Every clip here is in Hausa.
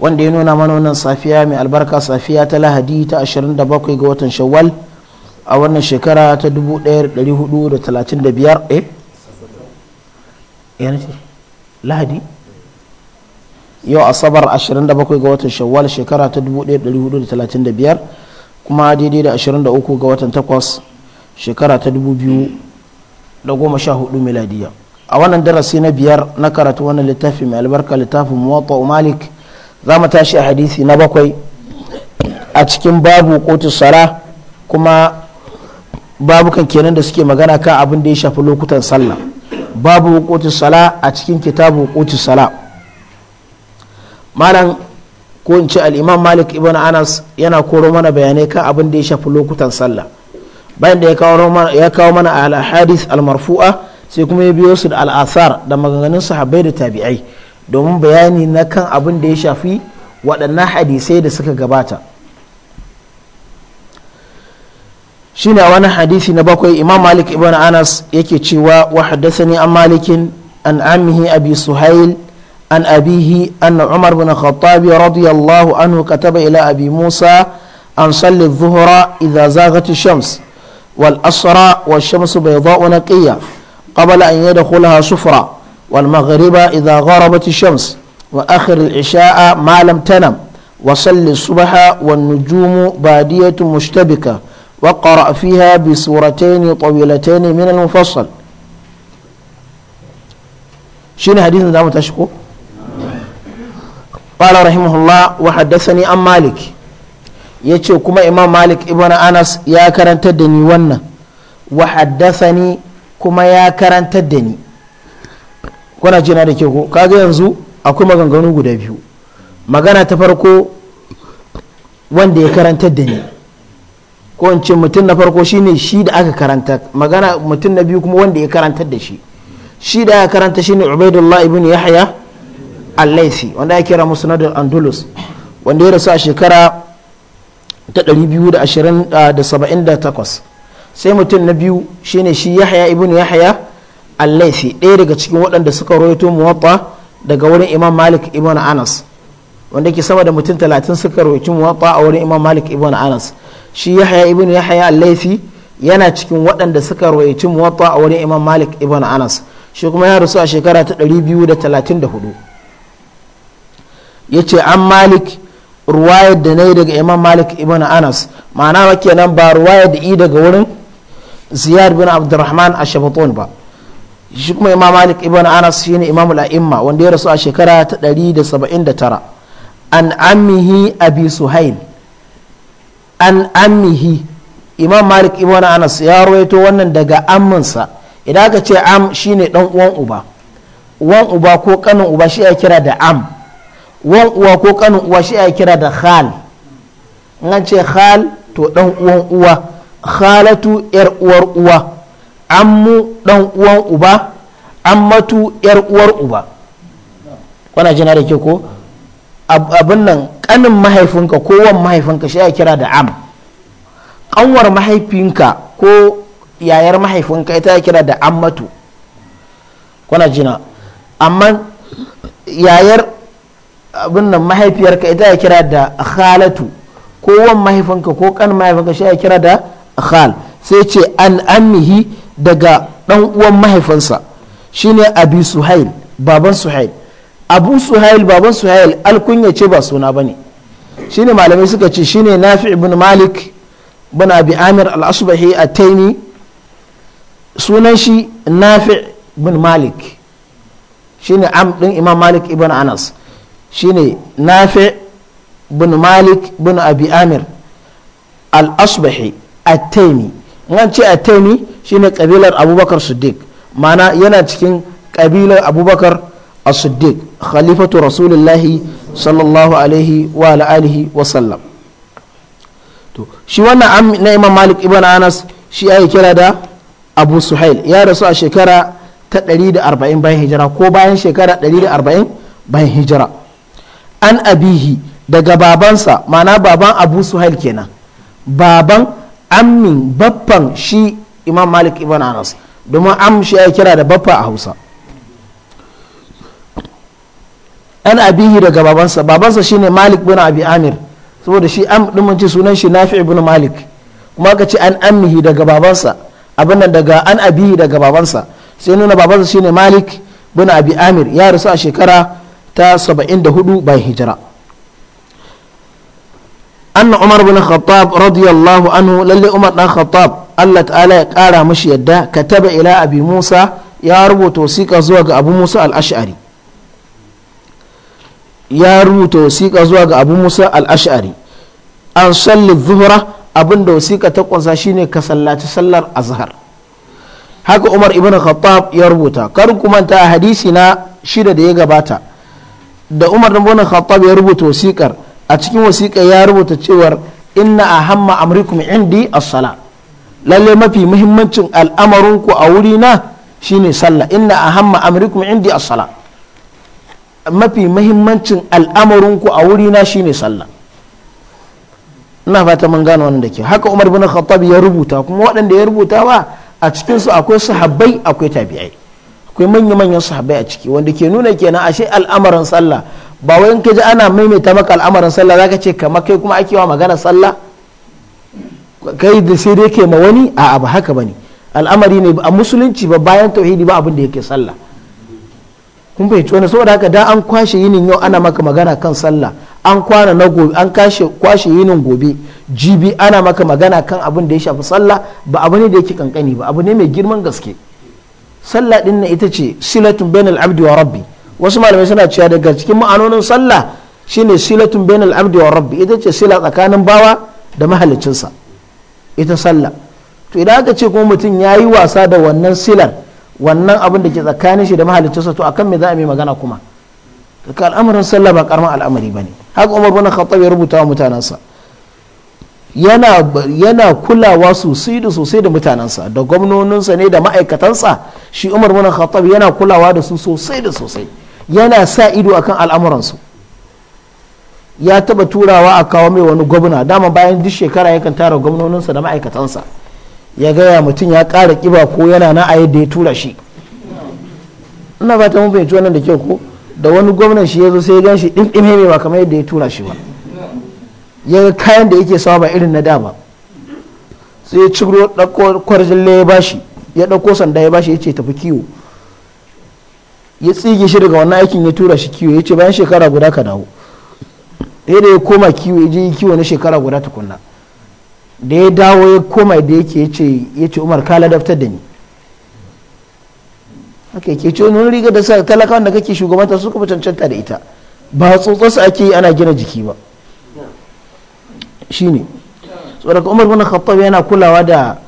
wanda ya nuna mana wannan safiya mai albarka safiya ta lahadi ta 27 ga watan shawwal a wannan shekara ta 1435 eh yana ce lahadi yau asabar 27 ga watan shawwal shekara ta 1435 kuma daidai da 23 ga watan takwas shekara ta 2014 miladiya a wannan darasi na biyar na karatu wannan littafi mai albarka littafin muwatta malik za mu tashi a hadisi na bakwai a cikin babu kotu sala kuma babukan kenan da suke magana kan abin da ya shafi lokutan sallah babu kotu sala a cikin kitabu kotu sala malam ko in ce al'imam malik ibn anas yana koro mana bayanai kan abin da ya shafi lokutan sallah bayan da ya kawo mana al-hadith al-marfu'a sai kuma ya biyo su da al'asar da maganganun sahabbai da tabi'ai domin bayani na kan abin da ya shafi waɗannan hadisai da suka gabata shi ne wani hadisi na bakwai imam malik ibn anas yake cewa wa haddasani an malikin an amihi abi suhail an abihi an umar bin khattabi radiyallahu anhu kataba ila abi musa an salli zuhura idza zaghat shams wal asra wa shamsu bayda'u naqiya qabla an yadkhulaha sufra والمغرب إذا غربت الشمس وآخر العشاء ما لم تنم وصل الصبح والنجوم بادية مشتبكة وقرأ فيها بسورتين طويلتين من المفصل شنو حديث دام تشكو قال رحمه الله وحدثني عن مالك يتشو كما إمام مالك ابن أنس يا كرن تدني ون وحدثني كما يا كرن تدني kuna jina da ke ko kaga yanzu akwai maganganu guda biyu magana ta farko wanda ya karantar da ni ko in ce mutum na farko shine shi da aka karanta magana mutum na biyu kuma wanda ya karantar da shi shi da aka karanta shine ubaidullah ibn yahya al-laisi wanda ya kira musnadul andalus wanda ya rasu a shekara ta 228 ah, sai mutum na biyu shine shi yahya ibn yahya al-laifi ɗaya daga cikin waɗanda suka rawaito muwatta daga wurin imam malik ibn anas wanda ke sama da mutum talatin suka rawaito muwatta a wurin imam malik ibn anas shi yahya ibn yahya al-laifi yana cikin waɗanda suka rawaito muwatta a wurin imam malik ibn anas shi kuma ya rasu a shekara ta 234 yace an malik ruwayar da nayi daga imam malik ibn anas ma'ana kenan ba ruwayar da i daga wurin ziyar bin abdurrahman a shabaton ba shi kuma imam malik ibn anas shi ne imam la'imma wanda ya rasu a shekara ta 179 an ammihi abi suhail an ammihi imam malik ibn anas ya rawaito wannan daga amminsa idan aka ce am shine dan uwan uba uwan uba ko kanin uba shi ya kira da am uwan uwa ko kanin uwa shi ya kira da khal in an ce khal to dan uwan uwa khalatu yar uwar uwa ammu dan uwan uba matu yar uwar uba wana jina da ke ko abin nan kanin mahaifinka ko wan mahaifinka shi ya kira da am kanwar mahaifinka ko yayar mahaifinka ita ya kira da matu kuna jina amma yayar abin nan mahaifiyarka ita ya kira da khalatu ko wan mahaifinka ko kanin mahaifinka shi ya kira da khal sai ce an ammihi daga ɗan uwan mahaifinsa shine abi suhail baban suhail abu suhail baban suhail alkunya ce ba suna bane shine malamai suka ce shine nafi ibn malik bin abi amir al-asbahi at-taimi sunan shi nafi ibn malik shine am din imam malik ibn anas shine nafi ibn malik bin abi amir al-asbahi at-taimi ce at-taimi shine kabilar abubakar siddiq mana yana cikin kabilar abubakar a siddiq khalifatu rasulullahi sallallahu alaihi wa alihi wa sallam to shi wannan na imam malik ibn anas shi ake kira da abu suhail ya rasu a shekara ta 140 bayan hijira ko bayan shekara 140 bayan hijira an abihi daga babansa mana baban abu suhail kenan baban amin baffan shi imam malik ibn anas domin amshi ya kira da baffa a hausa an abihi daga babansa babansa shine malik bin abi amir saboda shi am din sunan shi nafi ibn malik kuma aka ce an ammihi daga babansa abin nan daga an abihi daga babansa sai nuna babansa shine malik bin abi amir ya rasu a shekara ta 74 bayan hijira أن عمر بن الخطاب رضي الله عنه للي عمر بن الخطاب Allah ta'ala ya ƙara mashi yadda ka taba ila abi musa ya rubuta wasiƙa zuwa ga abu musa al-ash'ari ya rubuta wasiƙa zuwa ga abu musa al-ash'ari an salli zuhura abinda wasiƙa ta kunsa shine ka sallaci sallar azhar haka umar ibn khattab ya rubuta kar ku manta hadisi na shida da ya gabata da umar ibn khattab ya rubuta wasiƙar a cikin wasiƙa ya rubuta cewar inna ahamma amrikum indi as-salat lalle mafi muhimmancin al'amarinku a wuri na shine sallah inna ahamma amrikum indi as-sala mafi muhimmancin al'amarinku a wuri na shine sallah ina fata mun gano wannan da ke haka Umar bin Khattab ya rubuta kuma waɗanda ya rubuta ba a cikin su akwai sahabbai akwai tabi'ai akwai manya-manyan sahabbai a ciki wanda ke nuna kenan ashe al'amarin sallah ba wai in ka ji ana maimaita maka al'amarin sallah zaka ce kamar kai kuma ake wa magana sallah kai da sai dai ke ma wani a ba haka bane al'amari ne a musulunci ba bayan tauhidi ba abin da yake sallah kun fahimci wani saboda haka da an kwashe yinin yau ana maka magana kan sallah an kwana na gobe an kwashe yinin gobe jibi ana maka magana kan abin da ya shafi sallah ba abu ne da yake kankani ba abu ne mai girman gaske sallah din na ita ce silatun bainal abdi wa rabbi wasu malamai suna cewa daga cikin ma'anonin sallah shine silatun bainal abdi wa rabbi ita ce sila tsakanin bawa da mahallicinsa ita sallah to idan aka ce kuma mutum ya yi wasa da wannan silar wannan abin da ke tsakanin shi da mahaliccinsa to akan me za a mai magana kuma daga al'amarin sallah ba karamin al'amari ba ne haka umar bin khattab ya rubuta wa mutanensa yana yana kulawa sosai da sosai da mutanensa da gwamnoninsa ne da ma'aikatansa shi umar bin khattab yana kulawa da su sosai da sosai yana sa ido akan al'amuransu ya taba turawa a kawo mai wani gwamna dama bayan duk shekara yakan tara gwamnoninsa da ma'aikatansa ya gaya mutum ya ƙara kiba ko yana na ayi da ya tura shi ina ba mun mafi wannan da ke ko da wani gwamnan shi ya zo sai ya gan shi ɗin mai ba kamar yadda ya tura shi ba ya ga kayan da yake sawa ba irin na da ba sai ya ciro ɗauko kwarjille ya bashi ya ɗauko sanda ya shi ya ce tafi kiwo ya tsige shi daga wannan aikin ya tura shi kiwo ya ce bayan shekara guda ka dawo sai da ya koma kiwo ya je kiwo na shekara guda tukunna da ya dawo ya koma da yake ya ce umar kala daftar da ni ake ke ce wani riga da saka talakawan da kake shugabanta suka cancanta da ita ba su ake yi ana gina jiki ba shine tsoraka umar bin khattab yana kulawa da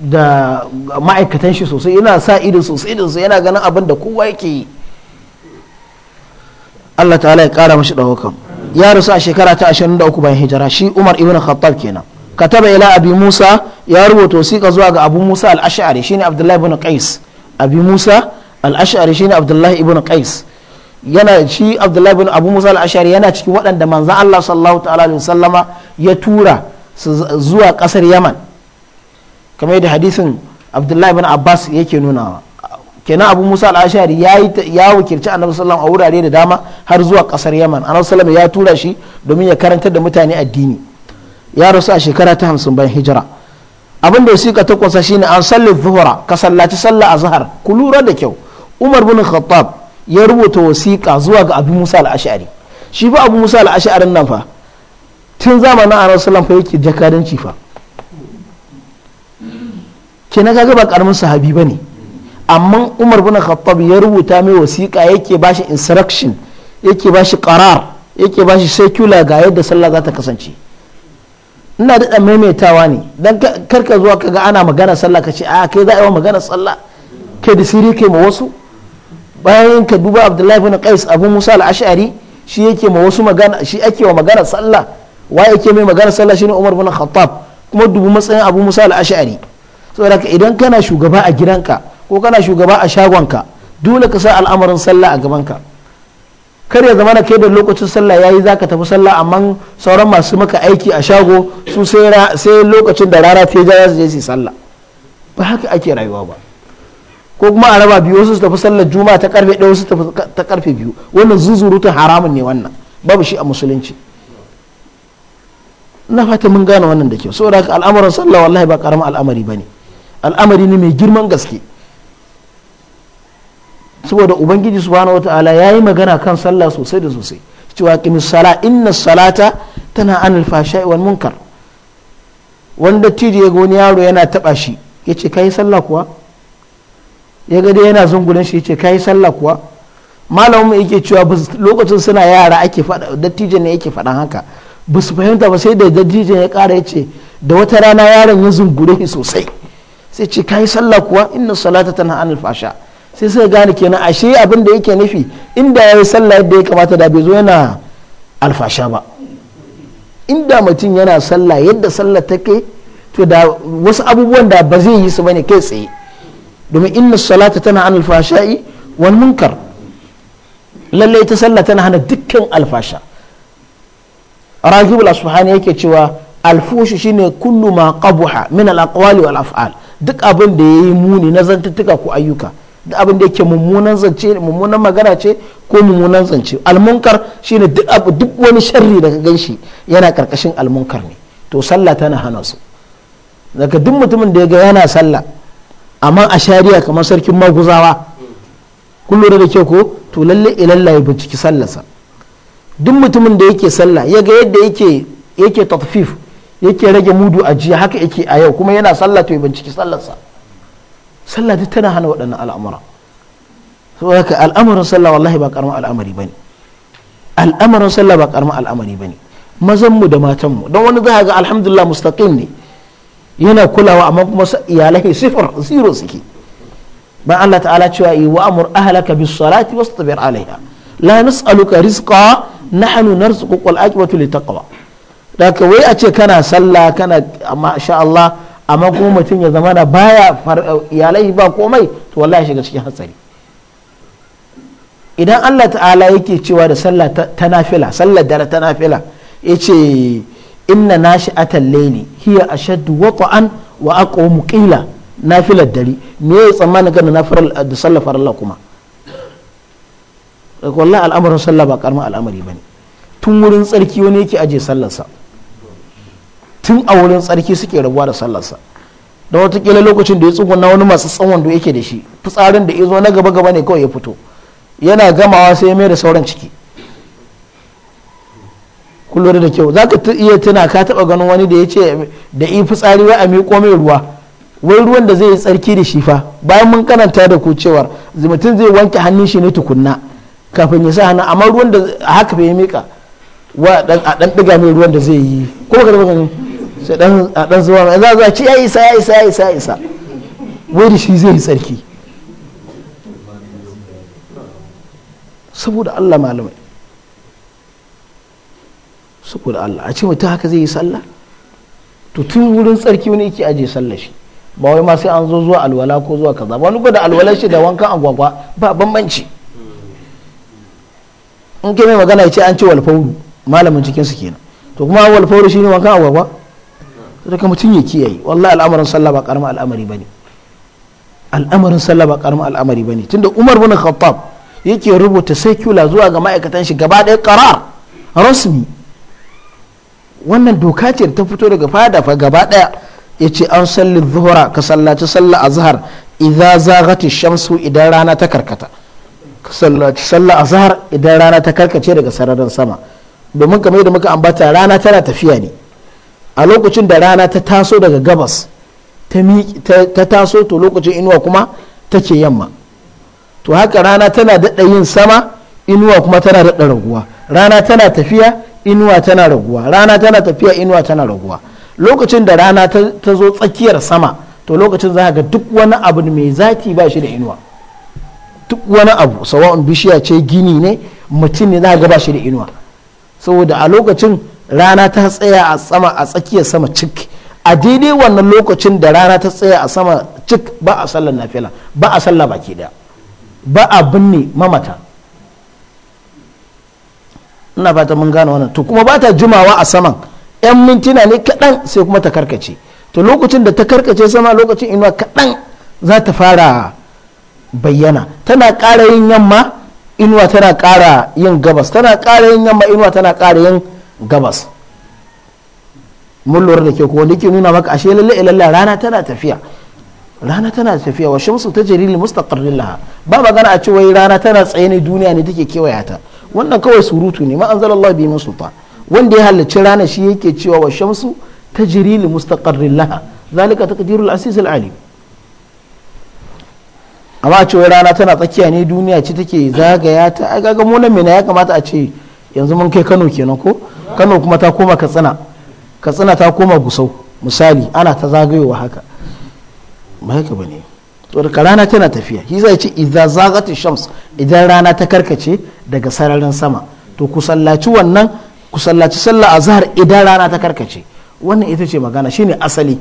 da ma'aikatan shi sosai yana sa ido sosai da yana ganin abin da kowa yake yi Allah ta'ala ya kara mashi ɗaukan ya rasu a shekara ta 23 bayan hijira shi Umar ibn Khattab kenan kataba ila Abi Musa ya rubuta wasiƙa zuwa ga Abu Musa al-Ash'ari shine Abdullah ibn Qais Abi Musa al-Ash'ari shine Abdullah ibn Qais yana shi Abdullah ibn Abu Musa al-Ash'ari yana cikin waɗanda manzo Allah sallallahu ta'ala alaihi wasallama ya tura zuwa ƙasar Yaman kamar yadda hadisin Abdullah ibn Abbas yake nunawa kenan abu musa al'ashari ya wakilci annabi sallallahu a wurare da dama har zuwa kasar yaman annabi sallallahu ya tura shi domin ya karantar da mutane addini ya rasu a shekara ta hamsin bayan hijira abin da wasiƙa ta kunsa shine an salli zuhura ka sallaci sallah azhar ku lura da kyau umar bin khattab ya rubuta wasiƙa zuwa ga abu musa al'ashari shi fa abu musa al'ashari nan fa tun zamanin annabi sallallahu alaihi yake jakadanci fa kenan kaga ba karamin sahabi bane amma umar bin khattab ya rubuta mai wasiƙa yake bashi instruction yake bashi karar yake bashi secular ga yadda sallah za ta kasance ina daɗa maimaitawa ne don karka zuwa kaga ana magana sallah ka ce a kai za a yi magana sallah kai da sirri kai ma wasu bayan ka duba abdullahi bin qais abu musa al-ash'ari shi yake ma wasu magana shi ake wa magana sallah wa yake mai magana sallah shine umar bin khattab kuma dubu matsayin abu musa al-ash'ari saboda idan kana shugaba a gidanka ko kana shugaba a shagonka dole ka sa al'amarin sallah a gabanka kar ya zama na kai da lokacin sallah ya za zaka tafi sallah amma sauran masu maka aiki a shago su sai lokacin da rara ta ja su je su sallah ba haka ake rayuwa ba ko kuma a raba biyu wasu su tafi sallar juma ta karfe ɗaya wasu ta karfe biyu wannan zuzurutun haramun ne wannan babu shi a musulunci na fata mun gane wannan da kyau saboda al'amuran sallah wallahi ba karamin al'amari bane al'amari ne mai girman gaske saboda ubangiji subhanahu wataala yayi magana kan sallah sosai da sosai cewa qimis sala inna salata tana an fashai wal munkar wanda tiji ya wani yaro yana taba shi yace kai sallah kuwa ya ga dai yana zungulan shi yace kai sallah kuwa malamin yake cewa lokacin suna yara ake faɗa dattijan ne yake faɗan haka ba su fahimta ba sai da dattijan ya ƙara ya ce da wata rana yaron ya zungure shi sosai sai ce yi sallah kuwa inna salata tana an fasha sai suka gane kenan ashe abin da yake nufi inda ya yi sallah yadda ya kamata da bai zo yana alfasha ba inda mutum yana sallah yadda sallah kai to da wasu abubuwan da ba zai yi su bane kai tsaye domin inna salata tana an alfasha'i wal munkar lallai ta sallah tana hana dukkan alfasha rahibul asfahani yake cewa alfushu shine kullu ma qabaha min al aqwali wal af'al duk abin da yayi muni na zantuttuka ko ayyuka da abin da yake mummunan zance mummunan magana ce ko mummunan zance almunkar shine duk abu duk wani sharri da ka ganshi yana karkashin almunkar ne to sallah tana hana su daga duk mutumin da ya ga yana sallah amma a shari'a kamar sarkin maguzawa kun lura da ke ko to lalle ilalla ya binciki sallarsa duk mutumin da yake sallah ya ga yadda yake yake tatfif yake rage mudu a jiya haka yake a yau kuma yana sallah to ya binciki sallarsa sallah duk tana hana waɗannan al'amura saboda ka sallah wallahi ba karamin al'amari bane al'amarin sallah ba karamin al'amari bane mazan mu da matan mu don wani za ga alhamdulillah mustaqim ne yana kulawa amma kuma iyalai sifar zero suke ba Allah ta'ala cewa yi wa amur ahlaka bis salati wastabir alaiha la nas'aluka rizqa nahnu narzuquka wal aqibatu litaqwa da ka wai a ce kana sallah kana amma insha Allah amma kuma mutum ya zama na baya iyalai ba komai to wallahi shiga cikin hatsari idan Allah ta'ala yake cewa da sallah ta nafila sallar dare ta nafila yace inna nashi'atal layli hiya ashaddu waqan wa aqwamu qila nafilar dare me ya tsammanin gana nafilar da sallar farilla kuma wallahi al'amarin sallah ba karamin al'amari bane tun wurin tsarki wani yake aje sallarsa sa tun a wurin tsarki suke rabuwa da sallarsa da watakila lokacin da ya tsugunna wani masu tsawon da yake da shi fitsarin da izo na gaba gaba ne kawai ya fito yana gamawa sai ya mai da sauran ciki kullum da kyau za ka iya tuna ka taɓa ganin wani da ya ce da yi fitsari wai a miƙo mai ruwa wai ruwan da zai yi tsarki da shi fa bayan mun karanta da ku cewar zumutun zai wanke hannun shi ne tukunna kafin ya sa hannu amma ruwan da haka bai miƙa wa a ɗan ɗiga mai ruwan da zai yi ko ka sai dan a dan zuwa mai za zuwa ci ya isa ya isa ya isa ya isa wai da shi zai yi tsarki saboda Allah malamai saboda Allah a ce mutum haka zai yi sallah to tun wurin tsarki wani yake aje sallah shi ba wai ma sai an zo zuwa alwala ko zuwa kaza ba wani gwada alwala shi da wankan agwagwa ba bambanci in ke mai magana ya ce an ce walfauru malamin cikin su kenan to kuma walfauru ne wankan agwagwa daga mutum ya kiyaye wallahi al'amarin sallah ba karamin al'amari bane al'amarin sallah ba karamin al'amari bane tunda Umar bin Khattab yake rubuta secular zuwa ga ma'aikatan shi gaba ɗaya karar rasmi wannan doka ce ta fito daga fada fa gaba ɗaya ya ce an salli zuhura ka sallaci sallah azhar idza zaghati shamsu idan rana ta karkata ka sallaci sallah azhar idan rana ta karkace daga sararin sama domin kamar yadda muka ambata rana tana tafiya ne a lokacin da rana ta taso daga gabas ta taso to lokacin inuwa kuma take yamma to haka rana tana daɗa yin sama inuwa kuma tana daɗa raguwa rana tana tafiya inuwa tana raguwa rana tana tafiya inuwa tana raguwa lokacin da rana ta zo tsakiyar sama to lokacin za ga duk wani abu mai zaki ba shi da inuwa duk wani abu sawa'un bishiya ce gini ne mutum ne za ga ba shi da inuwa saboda a lokacin rana ta tsaya a sama a tsakiyar sama cik a daidai wannan lokacin da rana ta tsaya a sama cik ba a sallar nafila ba a sallar baki daya ba a binne mamata ina fata mun gane wannan to kuma ba ta jimawa a saman yan mintina ne kaɗan sai kuma ta karkace to lokacin da ta karkace sama lokacin inuwa kaɗan za ta fara bayyana tana ƙara yin yamma inuwa tana ƙara yin gabas tana ƙara yin yamma inuwa tana ƙara yin gabas mun lura da ke ko wanda ke nuna maka ashe lalle ilalla rana tana tafiya rana tana tafiya wa shamsu ta jaril mustaqarrin laha ba magana a cewa wai rana tana tsaye ne duniya ne take kewaya ta wannan kawai surutu ne ma anzalallahu bi min wanda ya halarci rana shi yake cewa wa shamsu ta jaril mustaqarrin laha zalika ta asis al alim amma a ce rana tana tsakiya ne duniya ce take zagaya ta ai kaga mu nan ya kamata a ce yanzu mun kai Kano kenan ko kano kuma ta koma katsina katsina ta koma gusau misali ana ta zagayowa haka ba haka ba ne tsoraka rana tana tafiya shi zai ce idan zagatu shams idan rana ta karkace daga sararin sama to ku sallaci wannan ku sallaci sallah azhar idan rana ta karkace wannan ita ce magana shine asali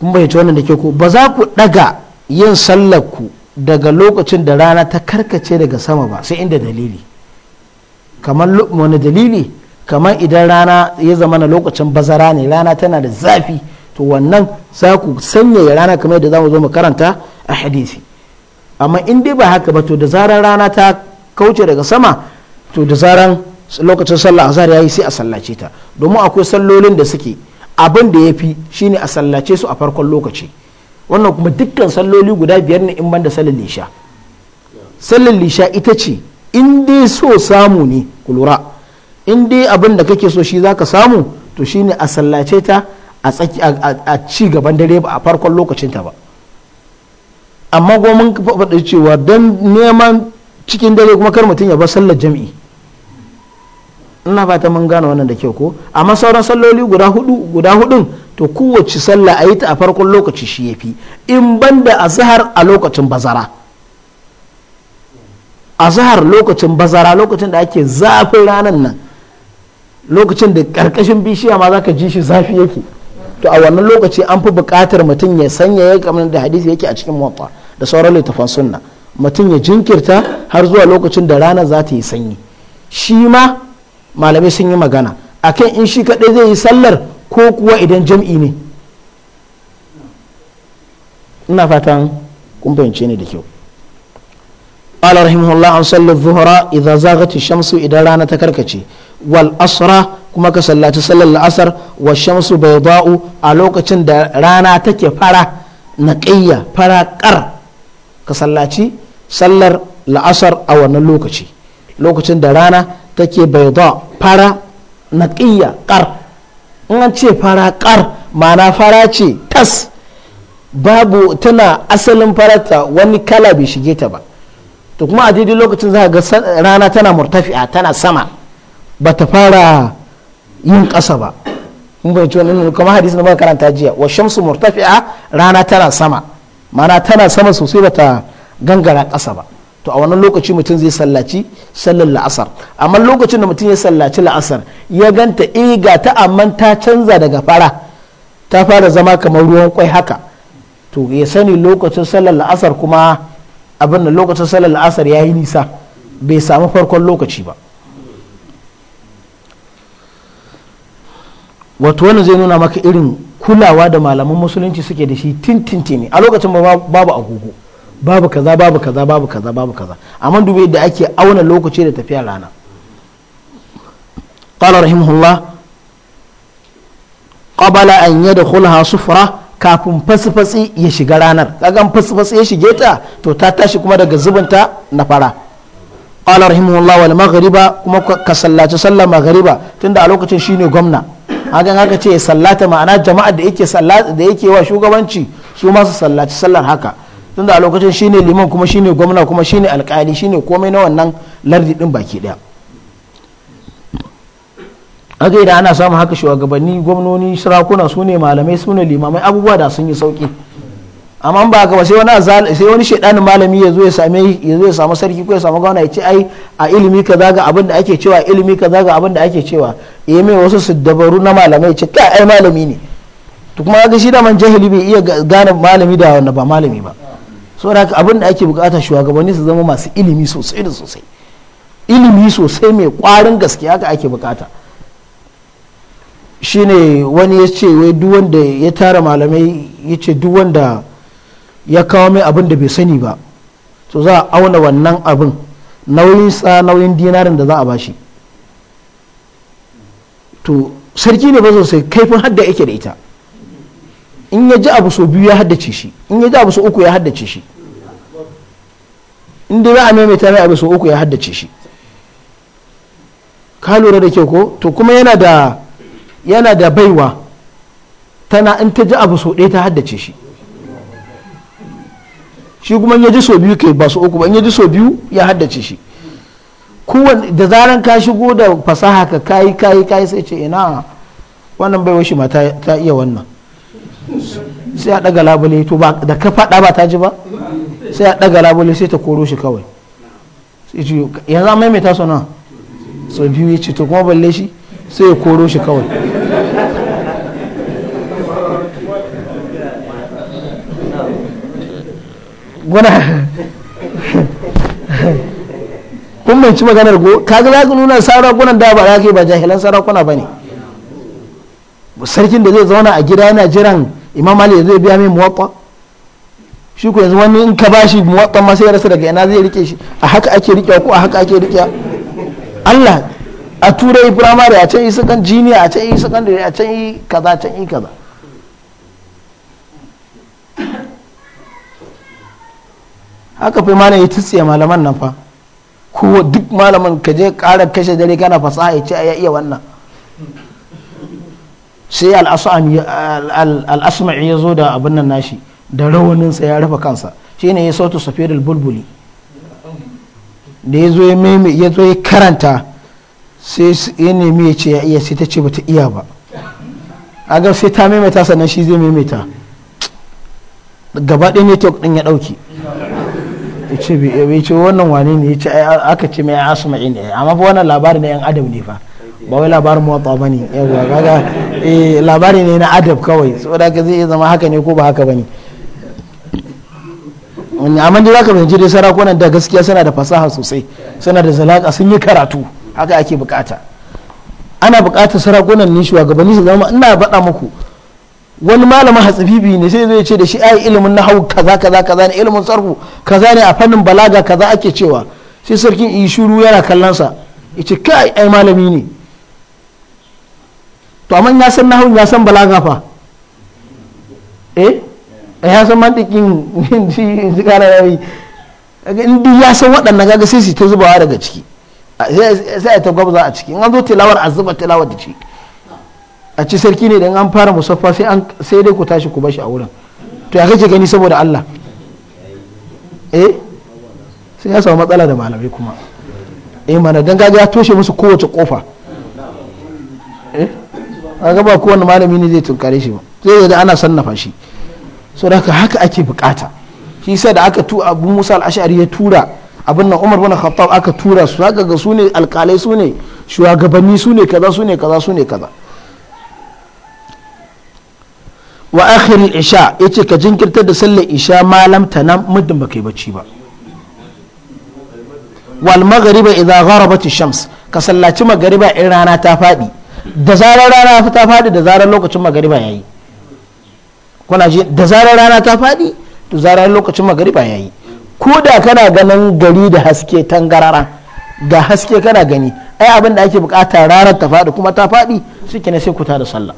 kun bayyace wannan da ke ku ba za ku daga yin sallar ku daga lokacin da rana ta karkace daga sama ba sai inda dalili kamar wani dalili kamar idan rana ya zama na lokacin bazara ne rana tana da zafi to wannan za ku sanyaya rana kamar yadda za mu zo mu karanta a hadisi amma in dai ba haka ba to da zarar rana ta kauce daga sama to da zarar lokacin sallah azhar yayi sai a sallace ta domin akwai sallolin da suke abin da ya fi shine a sallace su a farkon lokaci wannan kuma dukkan salloli guda biyar ne in banda da sallar lisha sallar lisha ita ce in dai so samu ne ku lura in dai abin da kake so shi za ka samu to shine a sallace ta a ci gaban dare ba a farkon lokacinta ba amma kuma mun faɗi cewa don neman cikin dare kuma kar mutum ya bar sallar jam'i ina fata mun gane wannan da kyau ko amma sauran salloli guda hudu guda hudun to kowace sallah a yi ta a farkon lokaci shi ya fi in banda zahar a lokacin bazara a zahar lokacin bazara lokacin da ake zafin ranar nan lokacin da karkashin bishiya ma zaka ji shi zafi yake to a wannan lokaci an fi buƙatar mutum ya sanya ya kamar da hadisi yake a cikin muwatta da sauran littafan sunna mutum ya jinkirta har zuwa lokacin da ranar za ta yi sanyi shi ma malamai sun yi magana a kan in shi kaɗai zai yi sallar ko kuwa idan jam'i ne ina fatan kun fahimce ne da kyau قال رحمه الله عن صلى الظهر إذا زاغت الشمس إذا رانا تكركتي والأسرى كما كصلاة صلى العصر والشمس بيضاء ألوكة رانا تكي فرا نقية فرا كر كصلاة صلى العصر أو نلوكتي لوكة رانا تكي بيضاء فرا نقية كر in ce fara kar ma'ana fara ce tas babu tana asalin farata wani kala bai shige ta ba to kuma a daidai lokacin za ga rana tana murtafi'a tana sama ba ta fara yin ƙasa ba mun ciwon kuma hadisi na karanta jiya wa shamsu murtafi'a rana tana sama mana tana sama sosai ba ta gangara kasa ba to a wannan lokaci mutum zai sallaci sallar la'asar amma lokacin da mutum ya sallaci la'asar ya ganta iga eh, ta amma ta canza daga fara ta fara zama kamar ruwan kwai haka to ya sani lokacin sallar la'asar kuma abin da lokacin salar la'asar ya yi nisa bai samu farkon lokaci ba wato wani zai nuna maka irin kulawa da malaman musulunci suke da shi tintinti ne a lokacin ba babu agogo babu kaza babu kaza babu kaza babu kaza amma dubi yadda ake auna lokaci da tafiya rana قال ƙabala الله قبل أن sufra kafin fasifasi ya shiga ranar kagan fasifasi ya shige ta to ta tashi kuma daga zubinta na fara qala rahimahullah wal maghriba kuma ka sallaci sallar maghriba tunda a lokacin shine gwamna hakan haka ce ya sallata ma'ana jama'a da yake sallata da yake wa shugabanci su ma su sallaci sallar haka tunda a lokacin shine liman kuma shine gwamna kuma shine alkali shine komai na wannan lardi din baki daya kaga idan ana samun haka shugabanni gwamnoni sarakuna su ne malamai su ne limamai abubuwa da sun yi sauki amma ba gaba sai wani sai wani shedanin malami ya zo ya same ya zo ya samu sarki ko ya samu gauna ya ce ai a ilimi kaza ga abin da ake cewa ilimi kaza ga abin da ake cewa yi mai wasu su dabaru na malamai ce kai ai malami ne to kuma ga shi da man jahili bai iya gane malami da wanda ba malami ba so haka abin da ake bukata shugabanni su zama masu ilimi sosai da sosai ilimi sosai mai kwarin gaske haka ake bukata shine wani ya ce wai duk wanda ya tara malamai ya ce duk wanda ya kawo mai abin da bai sani ba to za a auna wannan abin nauyin sa nauyin dinarin da za a bashi to sarki ne ba sosai kaifin hadda yake da ita in ya ji abu so biyu ya haddace shi in ya ji abu so uku ya haddace shi in dai za a maimaita mai abu so uku ya haddace shi ka lura da kyau ko to kuma yana da yana da baiwa tana in ta ji abu sau ɗaya ta haddace shi shi kuma ya ji sau biyu kai ba su uku ba in ya ji sau biyu ya haddace shi kowane da zaran ka shigo da fasaha ka kayi kayi kayi sai ce ina wannan baiwa shi ma ta iya wannan sai a ɗaga labule to ba da ka faɗa ba ta ji ba sai a ɗaga labule sai ta koro shi kawai sai ce yanzu an maimaita su nan sau biyu ya ce to kuma balle shi sai ya koro shi kawai muna kun ci maganar go kaga za ka nuna sarakunan da ba za ka yi ba jahilan sarakuna ba ne sarkin da zai zauna a gida yana jiran imam ali zai biya mai muwatta shi ko yanzu wani in ka ba shi muwatta ma sai rasa daga ina zai rike shi a haka ake rike ko a haka ake rike Allah a turai firamare a can yi sakan jiniya a can yi sakandare a can yi kaza can yi kaza haka fi mana ya tutsiya malaman nan fa ko duk malaman ka je kara kashe dare kana fasaha ya ce ya iya wannan sai al'asma'i ya zo da abin nan nashi da rawaninsa ya rufe kansa shi ne ya sautu safirul bulbuli da ya zo ya karanta sai ya nemi ya ce ya iya sai ta ce bata iya ba a ga sai ta maimaita sannan shi zai maimaita gaba ɗaya network ɗin ya ɗauki ce bai ce wannan wani ne ce aka ce mai asma'i ne amma fa wannan labarin na yan adam ne fa ba wai labarin motsa ba ne yawa kaga eh, labari ne na adab kawai saboda ka zai zama haka ne ko ba haka ba ne amma dai zaka fahimci dai sarakunan da gaskiya suna da fasaha sosai suna da zalaka sun yi karatu haka ake bukata ana bukatar sarakunan ne shugabanni su zama ina baɗa muku wani malamin hatsibibi ne sai zai ce da shi ai ilimin hau kaza kaza kaza ne ilimin sarfu kaza ne a fannin balaga kaza ake cewa sai sarkin yi shuru yana kallon sa ce kai ai malami ne to amma ya san nahau ya san balaga fa eh ya san mantikin ji ya kana yayi in duk ya san waɗannan gaga sai su ta zubawa daga ciki sai ta gwabza a ciki in an zo tilawar a zuba tilawar da ciki a ci sarki ne dan an fara musaffa sai an sai dai ku tashi ku bashi a wurin to ya kake gani saboda Allah eh sai ya samu matsala da malamai kuma eh mana dan gaga ya toshe musu kowace kofa eh a gaba kowanne malami ne zai tunkare shi ba sai da ana sannafa shi saboda haka ake bukata shi sai da aka tu Abu Musa al-Ash'ari ya tura abin nan Umar bin Khattab aka tura su zaka ga su ne alkalai su ne shugabanni su ne kaza su ne kaza su ne kaza wa akhir isha yace ka jinkirtar da sallar isha malam ta nan muddin baka yi bacci ba wal maghriba idza gharabat shams ka sallaci magariba in rana ta fadi da zarar rana ta fadi da zarar lokacin magariba yayi kuna ji da zarar rana ta fadi da zarar lokacin magariba yayi ko da kana ganin gari da haske tangarara ga haske kana gani ai abin da ake bukata ranar ta fadi kuma ta fadi shikenan sai ku ta da sallah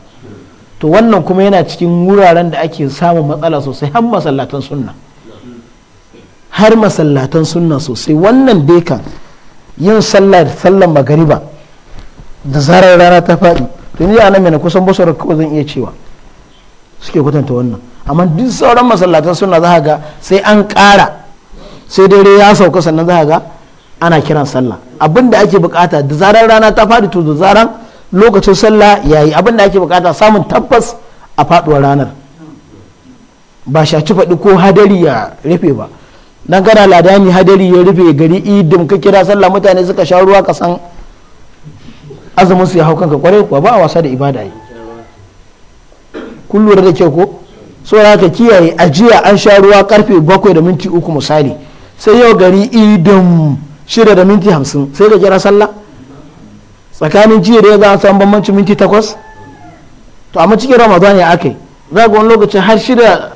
to wannan kuma yana cikin wuraren da ake samun matsala sosai har masallatan sunna har masallatan sunna sosai wannan deka yin sallar sallar magariba da zarar rana ta faɗi to ni anan mai kusan basura kawai zan iya cewa suke kwatanta wannan amma duk sauran masallatan sunna za ga sai an ƙara sai dare ya sauka sannan za ga ana kiran sallah abinda ake bukata da zarar rana ta faɗi to da zarar lokacin sallah yayi abin da ake bukata samun tabbas a faduwar ranar ba shaci faɗi ko hadari ya rufe ba dan kana ladani hadari ya rufe gari idim ka kira sallah mutane suka sha ruwa ka san azumin su ya hau kanka kwarai kuwa ba a wasa da ibada yi kullu da kyau ko so ka kiyaye ajiya an sha ruwa karfe bakwai da minti uku misali sai yau gari idim shida da minti hamsin sai ka kira sallah tsakanin jiya da za a samu bambancin minti takwas to amma cikin ramadan ya aka yi za ga wani lokacin har shida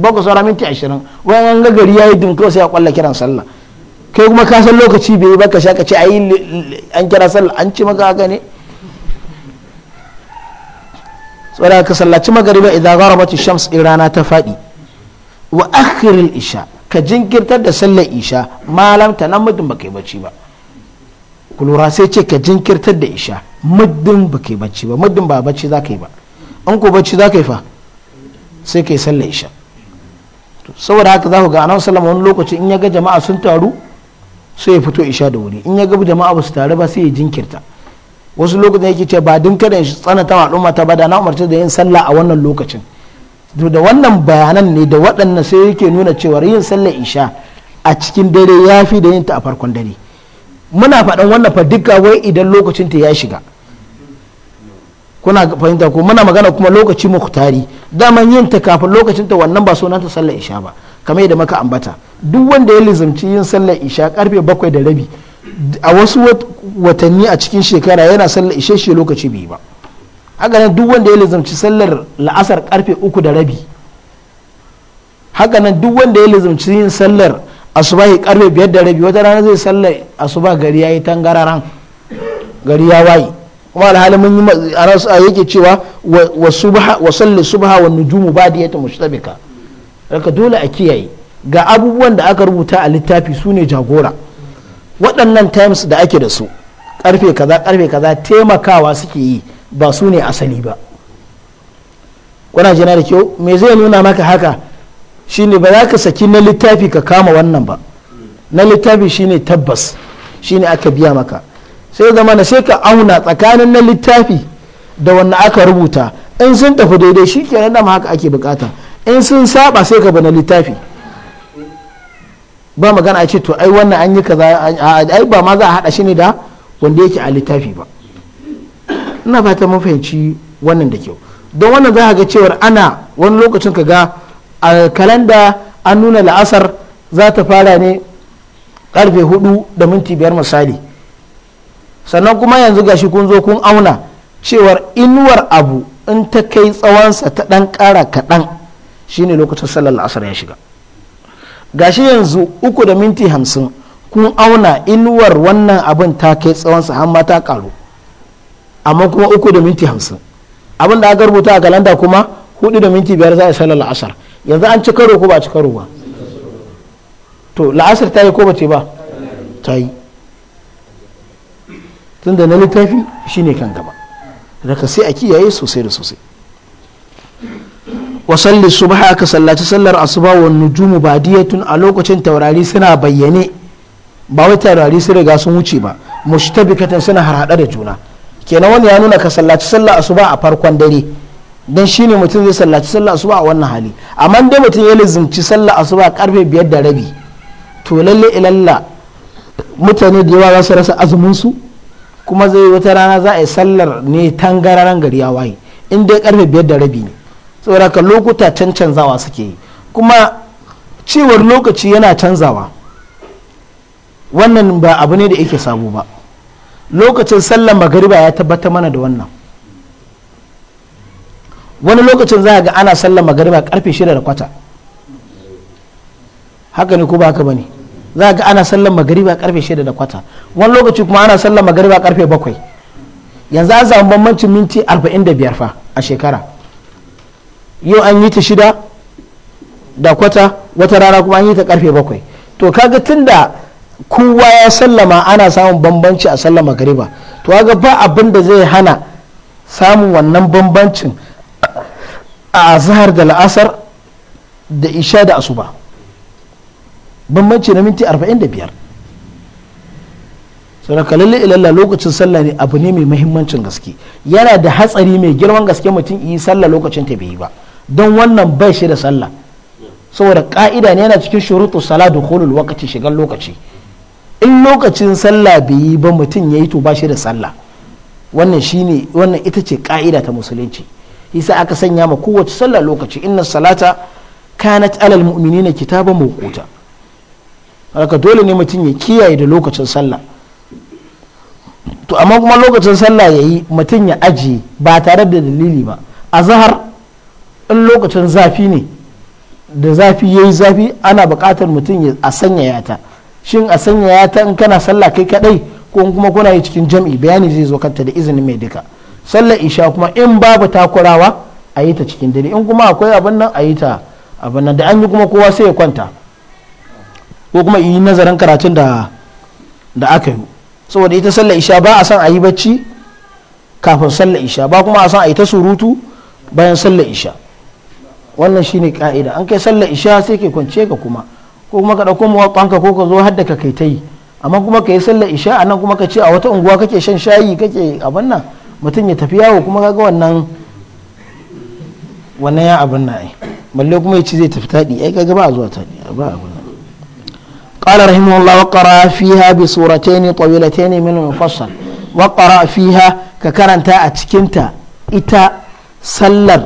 bakwai saura minti ashirin wani wayan gagari ya yi kawai sai ya kwalla kiran sallah kai kuma ka san lokaci bai baka sha ka ce yi an kira sallah an ci maka haka ne saboda ka sallaci magariba idan gharabati shams in rana ta fadi wa akhirin isha ka jinkirtar da sallar isha malam ta nan mutum baka yi bacci ba Kulura sai ce ka jinkirtar da isha muddin ba ke bacci ba muddin ba bacci za ka yi ba an ko bacci za ka yi fa sai ka yi sallar isha saboda haka za ku ga anan sallama wani lokaci in ya ga jama'a sun taru sai ya fito isha da wuri in ya ga jama'a ba su taru ba sai ya jinkirta wasu lokacin yake ce ba din kada shi tsananta al'umma ta ba da na umarci da yin sallah a wannan lokacin da wannan bayanan ne da waɗannan sai yake nuna cewa yin sallar isha a cikin dare ya fi da yin ta a farkon dare muna faɗan wannan fa duka wai idan lokacin ta ya shiga kuna fahimta ko muna magana kuma lokaci muhtari daman yin ta kafin lokacin ta wannan ba ta sallar isha ba kamar yadda maka ambata duk wanda ya lizimci yin sallar isha karfe bakwai da rabi a wasu watanni a cikin shekara yana sallar isha shi lokaci biyu ba haka nan duk wanda ya lizimci sallar la'asar karfe uku da rabi hakanan nan duk wanda ya lizimci yin sallar asubahi karfe biyar da rabi wata rana zai sallar asuba gari ya yi tangararan gari ya waye kuma alhali mun yi a yake cewa wa salli subha wa nujumu badiyata ka. raka dole a kiyaye ga abubuwan da aka rubuta a littafi su ne jagora waɗannan times da ake da su karfe kaza karfe kaza taimakawa suke yi ba su ne asali ba kuna jina da kyau me zai nuna maka haka shine ba za ka saki na littafi ka kama wannan ba na littafi shine tabbas shine aka biya maka sai zama na sai ka auna tsakanin na littafi da wannan aka rubuta in sun tafi daidai shi ke nan haka ake bukata in sun saba sai ka bi na littafi ba magana a ce to ai wannan an yi kaza ai ba ma za a hada shi ne da wanda yake a littafi ba ina fata mun fahimci wannan da kyau don wannan za ka ga cewar ana wani lokacin ka ga a kalanda an nuna la'asar za ta fara ne karfe hudu da minti biyar misali sannan kuma yanzu gashi kun zo kun auna cewar inuwar abu in ta kai tsawonsa ta dan kara kaɗan shine lokacin sallar la'asar ya shiga gashi yanzu uku da minti hamsin kun auna inuwar wannan abin ta kai tsawonsa har ma ta karu amma kuma uku da minti hamsin abin da aka rubuta a kalanda kuma hudu da minti biyar za a sallar la'asar yanzu an ci karo ko ba ci karo ba to la'asar ta yi ko ba ce ba ta yi tun da na littafi shine kan gaba daga sai a kiyaye sosai da sosai wasalli subha aka sallaci sallar asuba wa nujumu badiyatun a lokacin taurari suna bayyane ba wai taurari sun riga sun wuce ba mushtabikatan suna harhaɗa da juna kenan wani ya nuna ka sallaci sallar asuba a farkon dare don shi ne mutum zai sallaci sallah asuba a wannan hali amma dai mutum ya lizimci sallah asuba karfe biyar da rabi to lalle ilalla mutane da yawa za su rasa azumin su kuma zai wata rana za a yi sallar ne tangararan gari ya waye in dai karfe biyar da rabi ne tsoraka lokuta can canzawa suke yi kuma cewar lokaci yana canzawa wannan ba abu ne da yake sabo ba lokacin sallar magariba ya tabbatar mana da wannan wani lokacin za a ga ana sallar magariba karfe shida da kwata haka ne ko ba haka bane za a ga ana sallar magariba karfe shida da kwata wani lokaci kuma ana sallar magariba karfe bakwai yanzu an samu bambancin minti arba'in da biyar fa a shekara yau an yi ta shida da kwata wata rana kuma an yi ta karfe bakwai to kaga da kowa ya sallama ana samun bambanci a sallar magariba to kaga ba abin da zai hana samun wannan bambancin a zahar da la'asar da isha da asuba bambanci na minti 45 da lalle ilalla lokacin sallah ne abu ne mai mahimmancin gaske yana da hatsari mai girman gaske mutum yi sallah lokacin ta bai ba don wannan bai shi da sallah saboda ka'ida ne yana cikin shurutu sala dukhulul wakati shigan lokaci in lokacin sallah bai yi ba mutum ya yi to ba shi da sallah wannan shine wannan ita ce ka'ida ta musulunci yasa aka sanya ma kowace sallah lokaci inna salata kanat alal mu'minina kitaban mawquta haka dole ne mutum ya kiyaye da lokacin sallah to amma kuma lokacin sallah yayi mutum ya ajiye ba tare da dalili ba a zahar in lokacin zafi ne da zafi yayi zafi ana buƙatar mutum ya a sanyaya ta shin a sanyaya ta in kana sallah kai kadai ko kuma kuna yi cikin jam'i bayani zai zo kanta da izinin mai duka sallar isha kuma in babu takurawa a yi ta cikin dare in kuma akwai abin nan a yi ta abin nan da an yi kuma kowa sai ya kwanta ko kuma yi nazarin karatun da aka yi saboda ita sallar isha ba a san a yi bacci kafin sallar isha ba kuma a san a yi ta surutu bayan sallar isha wannan shine ka'ida an kai sallar isha sai ke kwance ka kuma ko kuma ka dauko muwatsanka ko ka zo har da ka kai ta yi amma kuma ka yi sallar isha anan kuma ka ce a wata unguwa kake shan shayi kake abin nan mutum ya tafi yawo kuma kaga wannan wannan ya abin na ai balle kuma ya ci zai tafi taɗi ai kaga ba a zuwa taɗi ba abin nan qala rahimahullah wa qara fiha bi suratayn tawilatayn min al-mufassal wa qara fiha ka karanta a cikin ta ita sallar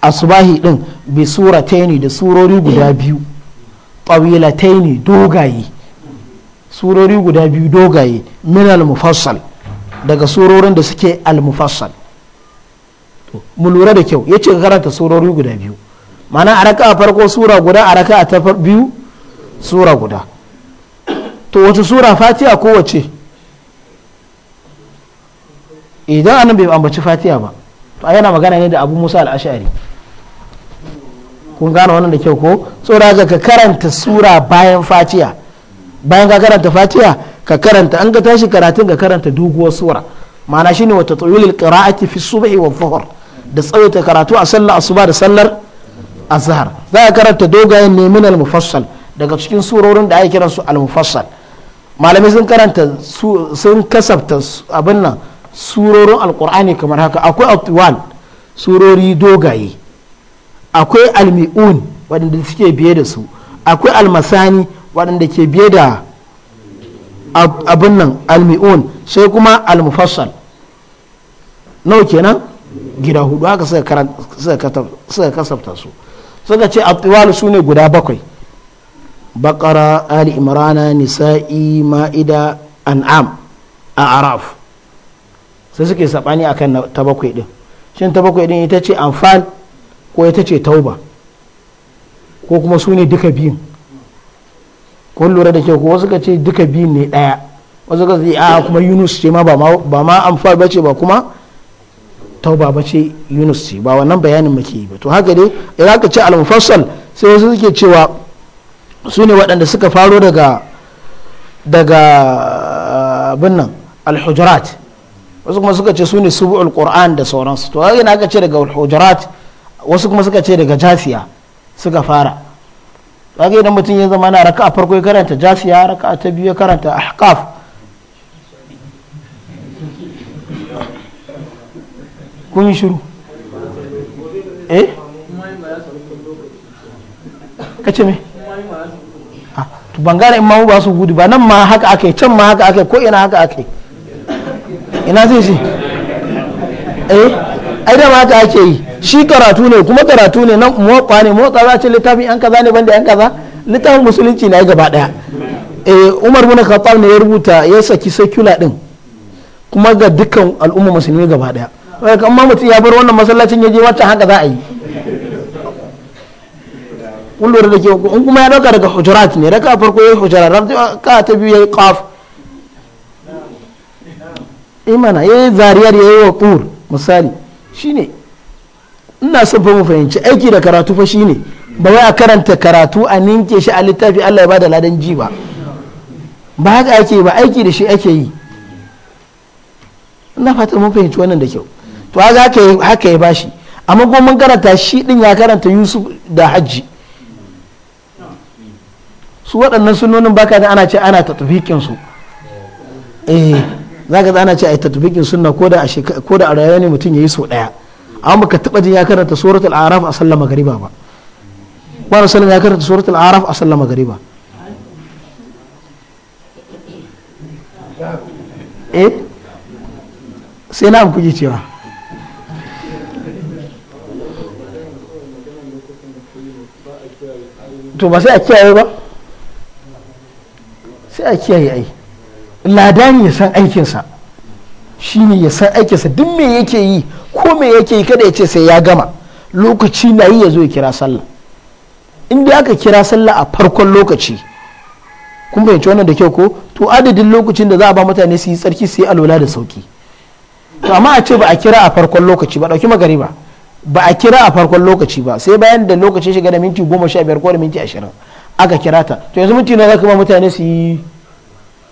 a asubahi din bi suratayn da surori guda biyu tawilatayn dogaye surori guda biyu dogaye min al daga surorin da suke al-mufassal mu lura da kyau yace ka karanta surori guda biyu ma'ana a raka farko sura guda a raka ta biyu sura guda to wata sura fatiha ko wace idan anan bai ambaci fatiha ba to a yana magana ne da abu musa al-ash'ari kun gane wannan da kyau ko tsora ka karanta sura bayan fatiha bayan ka karanta fatiha ka karanta an ga tashi karatun ka karanta duguwar sura ma'ana shine wata tsawilil qira'ati fi subhi wa dhuhr da tsawaita karatu a sallar asuba da sallar azhar za ka karanta dogayen ne min al-mufassal daga cikin surorin da ake kiransu al-mufassal malamai sun karanta sun kasafta abin nan surorin alkur'ani kamar haka akwai atwal surori dogaye akwai almi'un waɗanda suke biye da su akwai almasani waɗanda ke biye da abin nan almi'un sai kuma almufassal nau kenan gida hudu haka suka kasafta su suka ce abtiwalu su ne guda bakwai bakara ali imrana nisa'i ma'ida an'am a araf sai suke saɓani akan ta bakwai din shin ta bakwai din ita ce amfan ko ita ce tauba ko kuma su ne duka biyun kun lura da kyau wasu ka ce duka biyun ne ɗaya wasu ka ce a kuma yunus ce ma ba ma amfa ba ce ba kuma tauba ba ce yunus ce ba wannan bayanin muke yi ba to haka dai idan ka ce al-mufassal sai wasu suke cewa su ne waɗanda suka faro daga daga ah, abin nan al-hujurat wasu kuma suka ce su ne subu'ul qur'an da sauransu to haka ina ka ce daga al-hujurat wasu kuma suka ce daga jafiya suka fara kaga idan mutum ya zama na raka a farko ya karanta jasiya raka'a ta biyu ya karanta ahqaf kun yi shiru eh kace me ah, to bangare imamu ba su gudu ba nan ma haka ake can ma haka ake ko ina haka ake ina zai shi eh ai da ma haka ake yi shi karatu ne kuma karatu ne nan motsa ne motsa za ce littafin yan kaza ne banda yan kaza littafin musulunci na gaba daya eh Umar bin Khattab ne ya rubuta ya saki secular din kuma ga dukkan al'umma musulmi gaba daya kan ma mutum ya bar wannan masallacin ya je wata haka za a yi kun lura da ke in kuma ya dauka daga hujurat ne raka farko ya hujurat ka ta biyu ya yi kaf imana eh ya yi zariyar ya yi wa kur misali shine ina son fa mu fahimci aiki da karatu fa shine ba wai a karanta karatu a ninke shi a littafi Allah ya bada ladan ji ba ba haka ake ba aiki da shi ake yi ina fata mun fahimci wannan da kyau to haka haka haka ya bashi amma kuma mun karanta shi din ya karanta Yusuf da Hajji su waɗannan sunonin baka da ana ce ana tatbikin su eh zaka ana ce ai tatbikin sunna ko da a rayuwa ne mutum yayi so daya amma ka taba jin ya karanta suratul araf a sallama magariba ba ba na sallar ya karanta suratul araf a sallama magariba eh sai na kuji cewa to ba sai a kiyaye ba sai a kiyaye ai ladani ya san aikinsa Shi shine ya san aikinsa duk me yake yi ko me yake yi kada ya ce sai ya gama lokaci na yi ya zo ya kira sallah inda aka kira sallah a farkon lokaci kun fahimci wannan da kyau ko to adadin lokacin da za a ba mutane su yi tsarki su yi alwala da sauki to amma a ce ba a kira a farkon lokaci ba dauki magari ba ba a kira a farkon lokaci ba sai bayan da lokacin shiga da minti goma sha biyar ko da minti ashirin aka kira ta to yanzu minti na za ka ba mutane su yi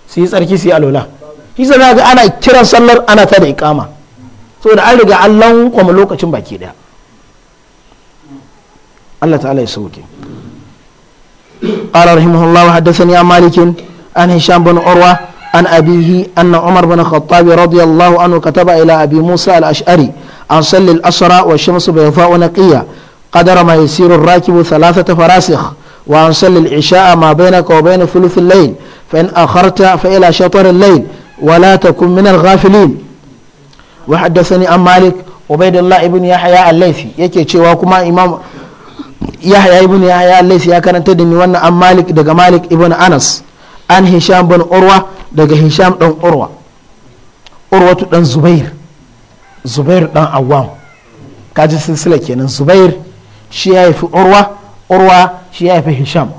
tsarki su yi alwala shi zana ga ana kiran sallar ana ta da ikama saboda an riga an lankwama lokacin baki daya Allah ta'ala ya sauke قال رحمه الله حدثني عن مالك عن هشام بن عروة عن أبيه أن عمر بن الخطاب رضي الله عنه كتب إلى أبي موسى الأشعري أن صلي الأسرى والشمس بيضاء نقية قدر ما يسير الراكب ثلاثة فراسخ وأن صلي العشاء ما بينك وبين ثلث الليل فإن أخرت فإلى شطر الليل ولا تكن من الغافلين وحدثني عن مالك عبيد الله ابن يحيى الليثي yake cewa kuma imam yahya ibn yahya ya karanta da ni wannan an malik daga malik ibin anas an hisham bin urwa daga hisham dan urwa urwatu ɗan zubair zubair ɗan awam kaji silsila kenan zubair shi ya haifi urwa urwa shi ya haifi hisham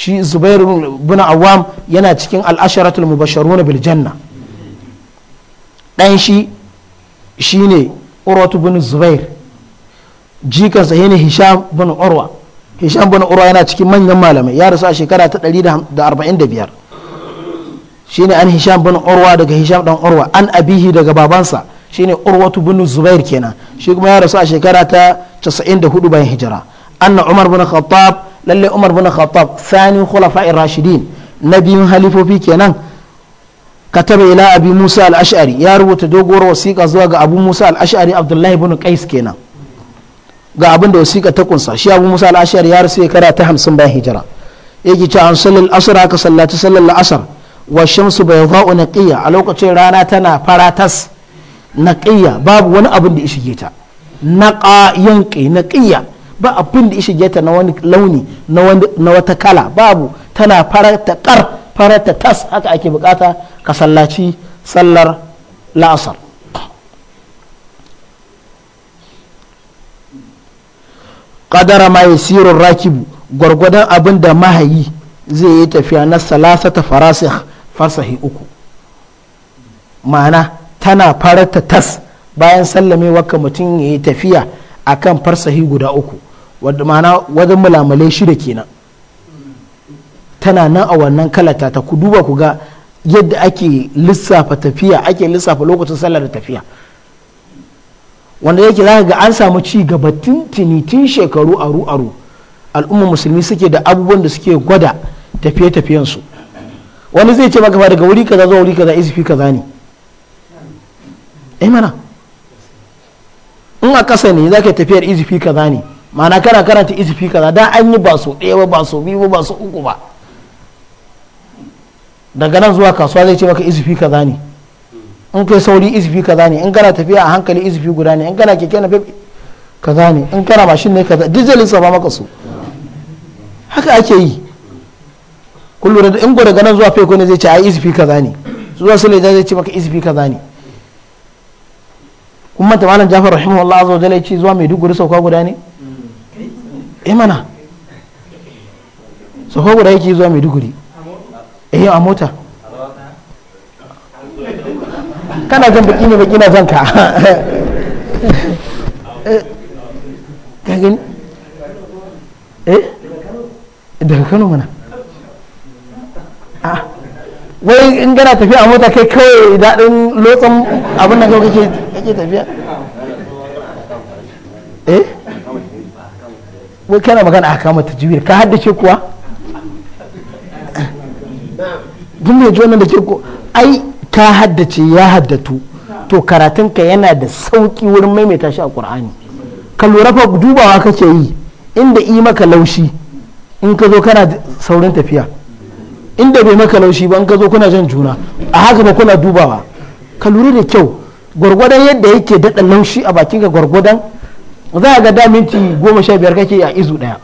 shi Zubairu bin awam yana cikin al'asharatul mubasharu na Biljanna. ɗan shi ne urwatu bin zubair jikansa shine hisham bin urwa hisham bin urwa yana cikin manyan malamai ya rasu a shekara ta 145 ne an hisham bin urwa daga hisham dan urwa an abihi daga babansa shine urwatu bin zubair kenan shi kuma ya rasu a shekara ta 94 bayan hijira anna umar bin khattab lalle umar bin khattab thani ar rashidin na biyun halifofi kenan kataba ila abi musa al-ash'ari ya rubuta doguwar wasiƙa zuwa ga abu musa al-ash'ari abdullahi bin qais kenan ga abin da wasiƙa ta kunsa shi abu musa al-ash'ari ya rasu kara ta 50 bayan hijira yake ce an sallal asr aka sallaci sallal asr wa shamsu baydha'u naqiyya a lokacin rana tana faratas naqiyya babu wani abin da ya shige ta naqa yanqi naqiyya ba abin da ishe geta na wani launi na wata kala babu tana farata kar farata tas haka ake bukata ka sallaci sallar la'asar kadara ma yasirur rakibu gwargwadon abin da mahayi zai yi tafiya na salasata farasih farsahi uku ma'ana tana farata tas bayan sallamewa ka mutum ya yi tafiya akan farsahi guda uku wadda ma'ana wajen shi shida kenan tana nan a wannan kalata ta ku duba ku ga yadda ake lissafa tafiya ake lissafa lokacin sallar tafiya wanda yake za ga an samu ci gaba tintini tun shekaru aru aru al'ummar musulmi suke da abubuwan da suke gwada tafiye-tafiyen su wani zai ce maka ba daga wuri kaza zuwa wuri kaza izifi kaza ne eh mana in a kasa ne za ka tafiyar izifi kaza ne mana kana karanta izifi kaza da an yi ba so ɗaya ba ba so biyu ba ba so uku ba daga nan zuwa kasuwa zai ce maka izifi kaza ne in kai sauri izifi kaza ne in kana tafiya a hankali izifi guda ne in kana keke na kaza ne in kana mashin ne kaza duk zai ba maka su haka ake yi kullum da in gwada ganin zuwa feko ne zai ce ai izifi kaza ne zuwa sule zai ce maka izifi kaza ne kuma ta malam jafar rahimahullah azza wa jalla ya ce zuwa maiduguri sauka guda ne eh mana tsoho guda yake zuwa maiduguri eh a mota kana jan baki ne baki na jan ka eh, eh daga kano mana a ah, wai in gana tafiya a mota kai kawai daɗin lotsan abin da kawai kake tafiya eh wai kana magana a kama jibir ka haddace kuwa duk mai ji da ke ko ai ka haddace ya haddatu to karatun ka yana da sauki wurin maimaita shi a kur'ani ka lura fa dubawa kake yi inda i maka laushi in ka zo kana saurin tafiya inda bai maka laushi ba in ka zo kuna jan juna a haka ba kuna dubawa ka lura da kyau gwargwadon yadda yake daɗa laushi a bakin ka gwargwadon za a ga da minti goma sha biyar kake a izu daya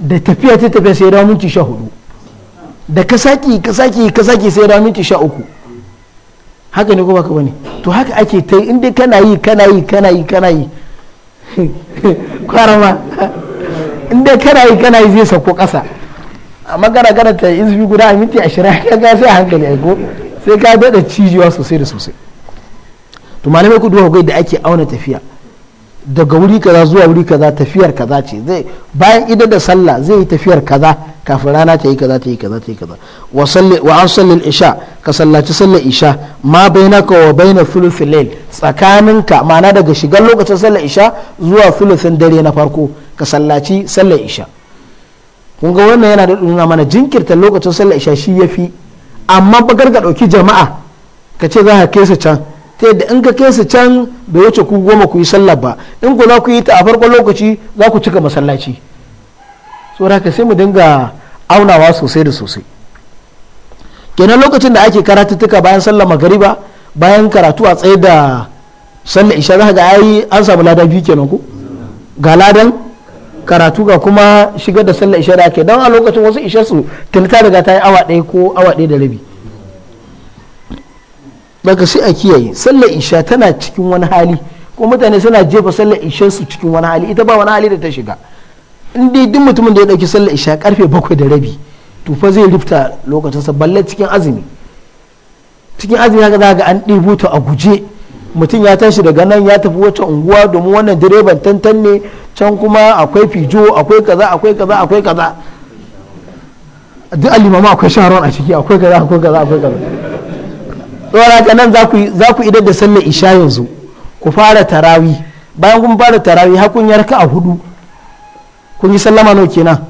da tafiya ta tafiya sai da minti sha hudu da ka saki ka saki ka saki sai da minti sha uku haka ne ko baka bane to haka ake ta in dai kana yi kana yi kana yi kana yi kwarama in dai kana yi kana yi zai sauko kasa amma kana kana ta zubi guda a minti ashirin ka ga sai hankali ai ko sai ka daɗa cijiwa sosai da sosai to malamai ku duba da ake auna tafiya daga wuri kaza zuwa wuri kaza tafiyar kaza ce zai bayan ida da sallah zai yi tafiyar kaza kafin rana ta yi kaza ta yi kaza ta yi kaza wa an salli isha ka sallaci sallar isha ma ka wa baina thuluthil layl ka mana daga shigar lokacin sallar isha zuwa thuluthin dare na farko ka sallaci sallar isha kun ga wannan yana da nuna mana jinkirta lokacin sallar isha shi fi amma ba ka ɗauki jama'a ka ce za ka kai su can ta yadda in ka kai su can bai wuce ku goma ku yi sallah ba in ku za ku yi ta a farkon lokaci za ku cika masallaci saboda sai mu dinga aunawa sosai da sosai kenan lokacin da ake karatuttuka bayan sallah magariba bayan karatu a tsaye da sallah isha za ga ai an samu lada biyu kenan ko ga ladan karatu ga kuma shigar da sallah isha da ake don a lokacin wasu isha su ta riga ta yi awa ɗaya ko awa ɗaya da rabi daga sai a kiyaye sallar isha tana cikin wani hali ko mutane suna jefa sallar isha su cikin wani hali ita ba wani hali da ta shiga in dai duk mutumin da ya dauki sallar isha karfe bakwai da rabi to fa zai rufta lokacin sa balle cikin azumi cikin azumi haka za ga an ɗebo ta a guje mutum ya tashi daga nan ya tafi wata unguwa domin wannan direban tantan ne can kuma akwai fijo akwai kaza akwai kaza akwai kaza duk alimama akwai sharon a ciki akwai kaza akwai kaza akwai kaza dora ga nan za ku idar da sallar isha yanzu ku fara tarawi bayan kun fara tarawi hakun ya raka a hudu kun yi sallama nawa kenan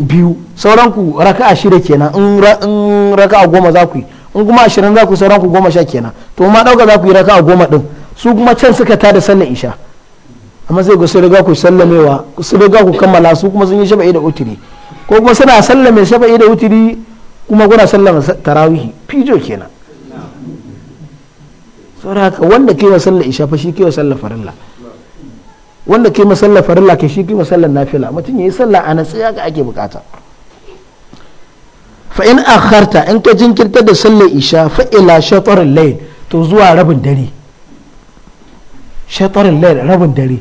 biyu sauran ku raka a shida kenan in raka a goma za ku yi in kuma ashirin za ku yi sauran ku goma sha kenan to ma dauka za ku yi raka a goma din su kuma can suka ta da sallar isha amma sai ku sai riga ku sallamewa sai riga ku kammala su kuma sun yi shafa'i da utiri ko kuma suna sallame shafa'i da utiri kuma kuna sallama tarawihi fijo kenan saboda haka wanda ke masalla sallar isha fa shi ke masalla sallar farilla wanda ke masalla farilla ke shi ke masallar nafila mutum yayi sallah a natsiya ga ake bukata fa in akharta in ka jinkirta da sallar isha fa ila shatarul layl to zuwa rabin dare shatarul layl rabin dare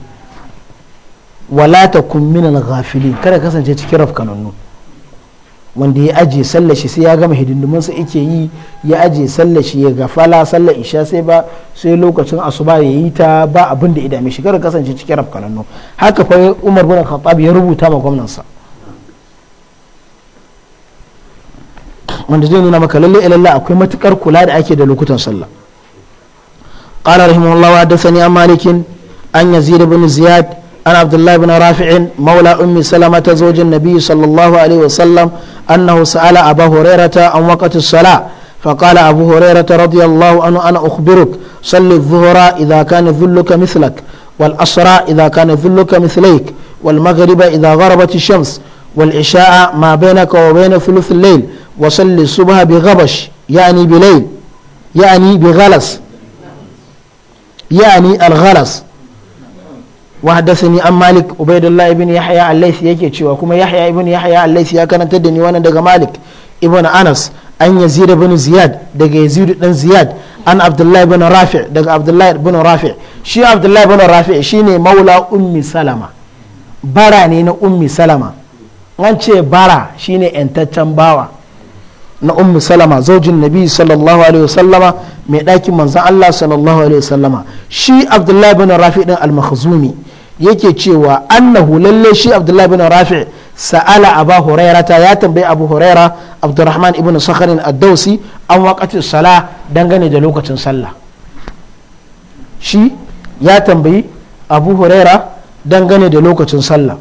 wala takun min al-ghafilin kada kasance cikin rafkanannu wanda ya aje sallar sai ya gama hidindimin sa ike yi ya aje sallar shi ya gafala sallar isha sai ba sai lokacin asuba ya yi ta ba abin da idame shi kar kasance cikin rafkalanno haka fa Umar bin Khattab ya rubuta ma gwamnansa. wanda zai nuna maka lalle ilalla akwai matukar kula da ake da lokutan sallah qala rahimahullahu wa an malikin an yazid ibn ziyad أنا عبد الله بن رافع مولى أم سلمة زوج النبي صلى الله عليه وسلم أنه سأل أبا هريرة عن وقت الصلاة فقال أبو هريرة رضي الله عنه أنا أخبرك صل الظهر إذا كان ذلك مثلك والأسرى إذا كان ذلك مثليك والمغرب إذا غربت الشمس والعشاء ما بينك وبين ثلث الليل وصل الصبح بغبش يعني بليل يعني بغلس يعني الغلس wa haddathani an malik ubaidullah ibn yahya al-laythi yake cewa kuma yahya ibn yahya al-laythi ya karanta da ni wannan daga malik ibn anas an yazid ibn ziyad daga yazid dan ziyad an abdullah ibn rafi daga abdullah ibn rafi shi abdullah ibn rafi shine maula ummi salama bara ne na ummi salama an ce bara shine yantaccen bawa na ummi salama zaujin nabi sallallahu alaihi wa wasallama mai dakin manzan allah sallallahu alaihi wasallama shi abdullahi bin rafi din al-makhzumi yake cewa annahu lalle shi abdullahi bin rafi sa'ala abu huraira ta ya tambayi abu huraira abdurrahman ibn sakharin ad an waqatin sala dangane da lokacin sallah shi ya tambayi abu huraira dangane da lokacin sallah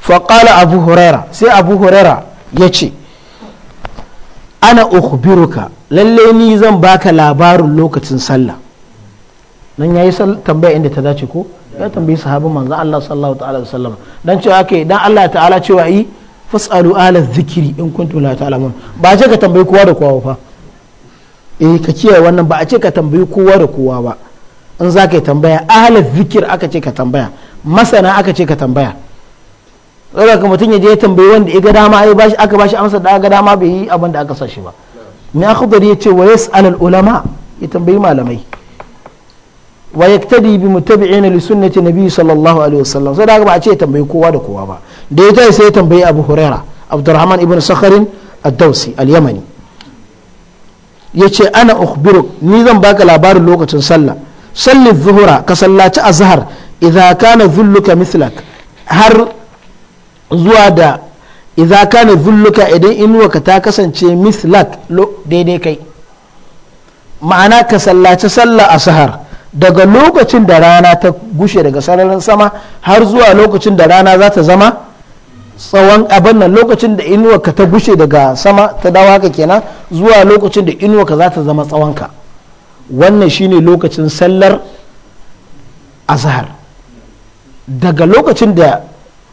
faƙala abu huraira sai abu huraira ya ce ana ukhbiruka lalle ni zan baka labarin lokacin sallah nan ya yi tambaya inda ta dace ko ya tambayi sahabin manzon Allah sallallahu ta'ala alaihi wasallam dan cewa ake dan Allah ta'ala cewa yi fasalu ala zikiri in kuntum la ta'lamun ba ce ka tambayi kowa da kowa fa eh ka ce wannan ba a ce ka tambayi kowa da kowa ba in za ka yi tambaya ala zikir aka ce ka tambaya masana aka ce ka tambaya saboda ka mutum ya je ya tambayi wanda ya ga dama ya bashi aka bashi amsa da ga dama bai yi abin da aka sa shi ba ni akhdari ya ce wa yas'al ulama ya tambayi malamai wa yaktadi bi mutabi'ina li sunnati nabi sallallahu alaihi wasallam sai daga ba a ce tambayi kowa da kowa ba da ya sai ya tambayi Abu Huraira Abdurrahman ibn sakarin ad-Dawsi al-Yamani yace ana ukhbiruk ni zan baka labarin lokacin sallah salli zuhura ka sallaci azhar idza kana dhulluka mithlak har zuwa da idza kana dhulluka idan inuwaka ta kasance mithlak daidai kai ma'ana ka sallaci sallah azhar daga lokacin da rana ta gushe daga sararin sama har zuwa lokacin da rana za ta zama tsawon abin nan lokacin da inuwarka ta gushe daga sama ta dawa haka kenan zuwa lokacin da inuwarka za ta zama tsawonka wannan shine lokacin sallar azhar daga lokacin da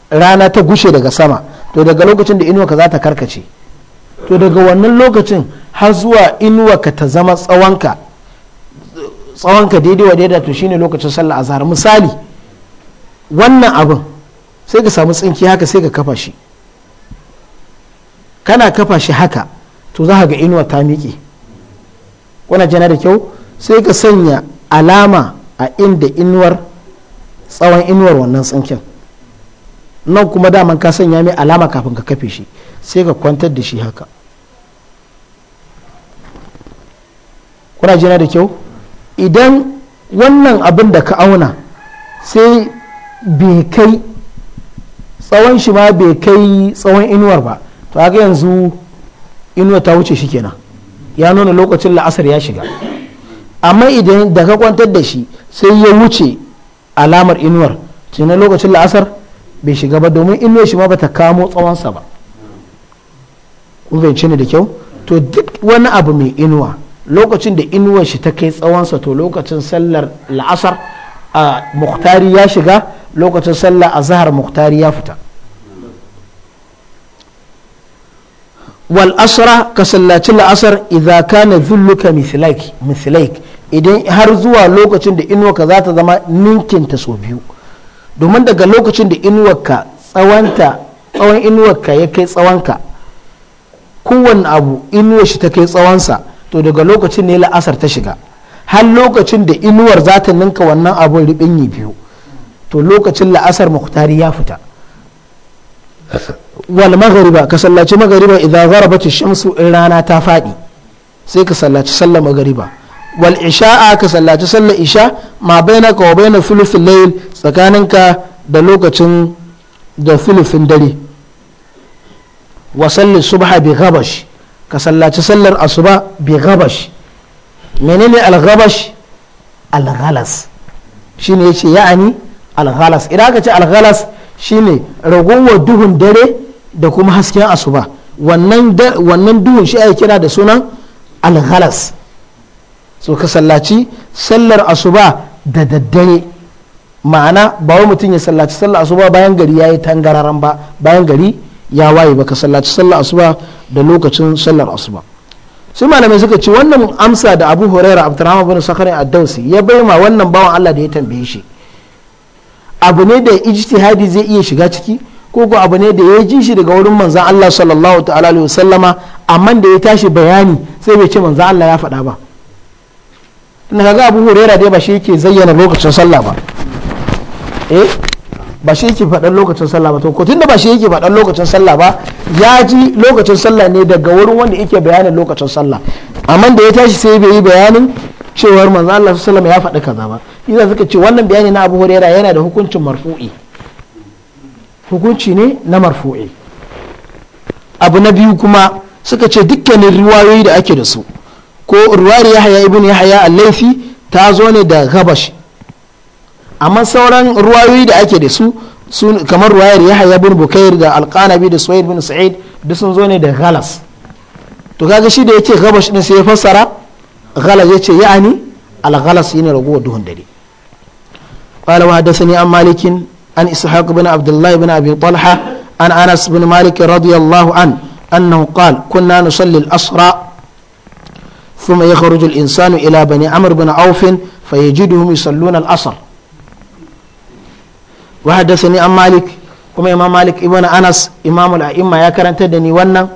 rana ta gushe daga sama to daga lokacin da inuwarka za ta karkace to daga wannan lokacin har zuwa inuwarka ta zama tsawonka tsawon ka daidai wa daidai to shine lokacin sallah azhar misali wannan abin sai ka samu tsinki haka sai ka kafa shi kana kafa shi haka to za ka ga inuwa ta miƙe kuna jana da kyau sai ka sanya alama a inda inuwar tsawon inuwar wannan tsinkin nan kuma daman ka sanya mai alama kafin ka kafe shi sai ka kwantar da shi haka kuna jina da kyau idan wannan abin da ka auna sai bai kai tsawon shi ma bai kai tsawon inuwar ba to haka yanzu inuwar ta wuce shi kenan ya nuna lokacin la'asar ya shiga amma idan da ka kwantar da shi sai ya wuce alamar inuwar na lokacin la'asar bai shiga ba domin inuwar shi ma ta kamo tsawonsa ba kun ne da kyau to duk wani abu mai inuwa lokacin da inuwar shi ta kai tsawonsa to lokacin sallar la'asar a muktari ya shiga lokacin sallar zahar muktari ya fita wal asra ka sallaci la'asar idza kana zulluka mislaik idan har zuwa lokacin da inuwarka za ta zama ninkin ta sau biyu domin daga lokacin da inuwarka tsawanta tsawon inuwarka ya kai tsawonka kowanne abu inuwar shi ta kai tsawonsa to daga lokacin ne la'asar ta shiga har lokacin da inuwar za ta ninka wannan abin riɓinyi biyu to lokacin la'asar muktari ya fita wal magariba ka sallaci magariba idan gharabatu shamsu in rana ta faɗi sai ka sallaci sallar wal isha'a ka sallaci sallar isha ma baina ka wa baina filifin layil tsakaninka da lokacin da filifin dare wa sallar subha bi ka sallaci sallar asuba bi gabash menene al-gabash al-ghalas shine yace ya'ani al-ghalas idan aka ce al-ghalas shine ragowar duhun dare da kuma hasken asuba wannan duhun shi ake kira da sunan al-ghalas so ka sallaci sallar asuba da daddare ma'ana ba wa mutum ya sallaci sallar asuba bayan gari yayi tangararan ba bayan gari ya waye ba ka sallaci sallar asuba da lokacin sallar asuba sai malamai suka ce wannan amsa da abu huraira abdurrahman bin sakhari ad-dausi ya bai ma wannan bawan Allah da ya tambaye shi abu ne da ijtihadi zai iya shiga ciki ko ko abu ne da ya ji shi daga wurin manzan Allah sallallahu ta'ala alaihi wasallama amma da ya tashi bayani sai bai ce manzan Allah ya faɗa ba tunda kaga abu huraira dai ba shi yake zayyana lokacin sallah ba eh? ba shi yake faɗan lokacin sallah ba to ko tunda ba shi yake faɗan lokacin sallah ba ya ji lokacin sallah ne daga wurin wanda yake bayanin lokacin sallah amma da ya tashi sai bai yi bayanin cewar manzo Allah sallallahu alaihi ya faɗa kaza ba idan suka ce wannan bayani na Abu Hurairah yana da hukuncin marfu'i hukunci ne na marfu'i abu na biyu kuma suka ce dukkanin riwayoyi da ake da su ko ruwari yahaya ibn yahaya al-laifi ta zo ne da gabash amma sauran ruwayoyi da ake da su kamar ruwayar haya bin bukair da alqanabi da suwaid bin sa'id da sun zo ne da galas to kaga shi da yake gabash din sai ya fassara galas yace ya'ani al galas yana raguwa duhun dare قال وحدثني عن مالك عن إسحاق بن عبد الله بن أبي طلحة عن أنس بن مالك رضي الله عنه أنه قال كنا نصلي الأسرى ثم يخرج الإنسان إلى بني عمرو بن عوف فيجدهم يصلون الأسر wa haddasa ni an malik kuma imam malik ibn anas imamul a'imma ya karanta da ni wannan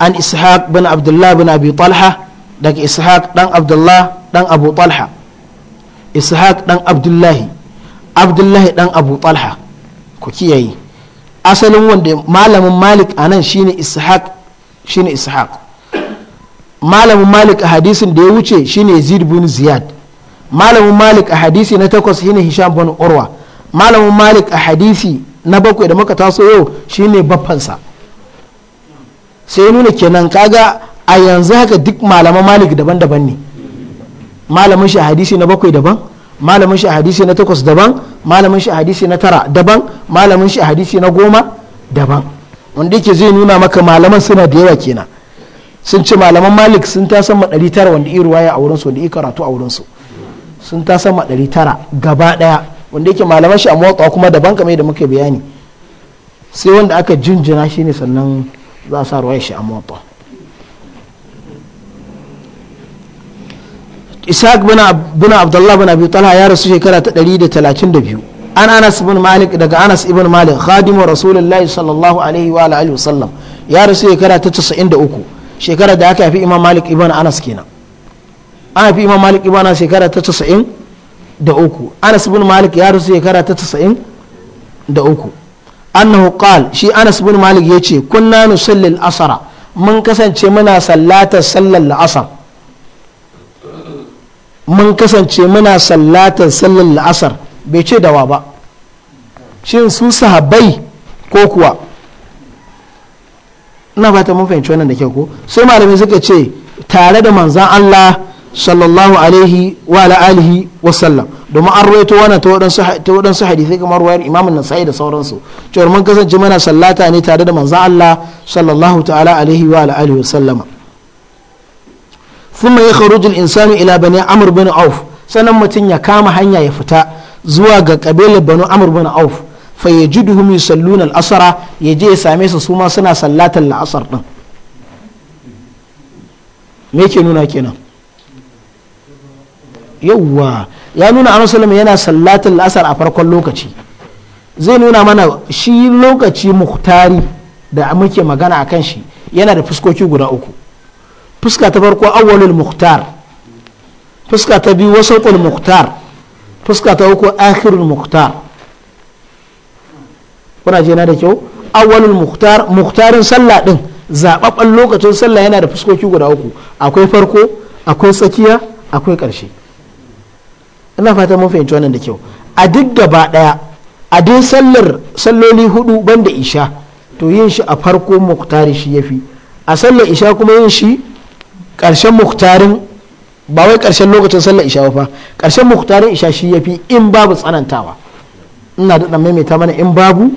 an ishaq bin abdullah bin abi talha daga ishaq dan abdullah dan abu talha ishaq dan abdullahi abdullahi dan abu talha ku kiyayi asalin wanda malamin malik a nan shine ishaq shine ishaq malamin malik a hadisin da ya wuce shine yazid bin ziyad malamin malik a hadisi na takwas shine hisham bin urwa malamin malik a hadisi na bakwai da muka taso yau shine baffansa sai nuna kenan kaga a yanzu haka duk malaman malik daban-daban ne malamin shi a hadisi na bakwai daban malamin shi a hadisi na takwas daban malamin shi a hadisi na tara daban malamin shi a hadisi na goma daban wanda yake zai nuna maka malaman suna da yawa kenan sun ce malaman malik sun ta sama ɗari tara wanda iya ruwaya a wurinsu wanda iya karatu a wurinsu sun ta sama ɗari tara gaba ɗaya wanda yake malaman shi a motsa kuma daban kamar da muka bayani sai wanda aka jinjina shi ne sannan za a sa ruwa shi a motsa ishaq bin abdullah bin abi talha ya rasu shekara ta 132 an anas ibn malik daga anas ibn malik khadimu rasulullahi sallallahu alaihi wa alihi wasallam ya rasu shekara ta 93 shekara da aka fi imam malik ibn anas kenan an fi imam malik ibn anas shekara ta 90 da uku anas bin malik ya rasu shekara ta tasa'in da uku annahu qal shi anas bin malik ya ce kunna nusalli asara mun kasance muna sallatar sallar la'asar mun kasance muna sallatar sallar la'asar bai ce dawa ba shin su sahabbai ko kuwa ina fata mun fahimci wannan da kyau ko sai malamai suka ce tare da manzan Allah sallallahu alaihi wa ala alihi wa sallam domin an ruwaito wana ta waɗansu hadisai kamar ruwayar imamun nasa'i da sauransu cewar mun kasance mana sallata ne tare da manzan Allah sallallahu ta'ala alaihi wa ala alihi wa sallama thumma yakhruju al-insanu ila bani amr bin auf sanan mutum ya kama hanya ya fita zuwa ga kabilar banu amr bin auf fa yajiduhum yusalluna al-asra yaje ya same su su ma suna sallatar la'asar din me ke nuna kenan yawwa ya nuna annabi sallallahu yana sallatin la'asar a farkon lokaci zai nuna mana shi lokaci muhtari da muke magana a kan shi yana da fuskoki guda uku fuska ta farko awwalul muhtar fuska ta biyu wasaqul muhtar fuska ta uku akhirul muhtar kuna je na da kyau awwalul muhtar muhtarin sallah din zababban lokacin sallah yana da fuskoki guda uku akwai farko akwai tsakiya akwai ƙarshe ina fata mun fahimci wannan da kyau a duk gaba daya a duk sallar salloli hudu banda isha to yin shi a farko muktari shi yafi a sallar isha kuma yin shi karshen muktarin ba wai karshen lokacin sallar isha ba karshen muktarin isha shi yafi in babu tsanantawa ina da maimaita mana in babu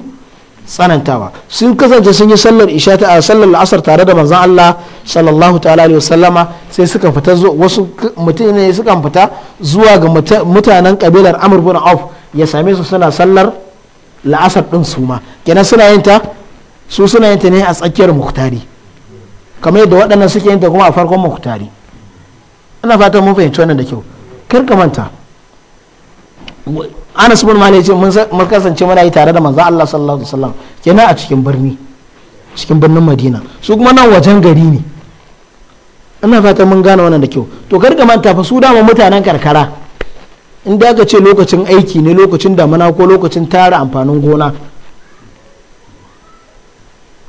tsanantawa sun kasance sun yi sallar isha ta sallar la'asar tare da manzon Allah sallallahu ta'ala alaihi wasallama sai suka fita wasu mutum ne suka fita zuwa ga mutanen kabilar Amr bin Auf ya same su suna sallar la'asar din su ma kenan suna yin ta su suna yin ta ne a tsakiyar muktari kamar yadda waɗannan suke yin ta kuma a farkon muktari ina fatan mun fahimci wannan da kyau kar ka manta anas bin malik ce mun kasance muna yi tare da manzo Allah sallallahu alaihi wasallam kenan a cikin birni cikin birnin Madina su kuma nan wajen gari ne ina fatan mun gane wannan da kyau to kar ka manta fa su dama mutanen karkara in da aka ce lokacin aiki ne lokacin damana ko lokacin tara amfanin gona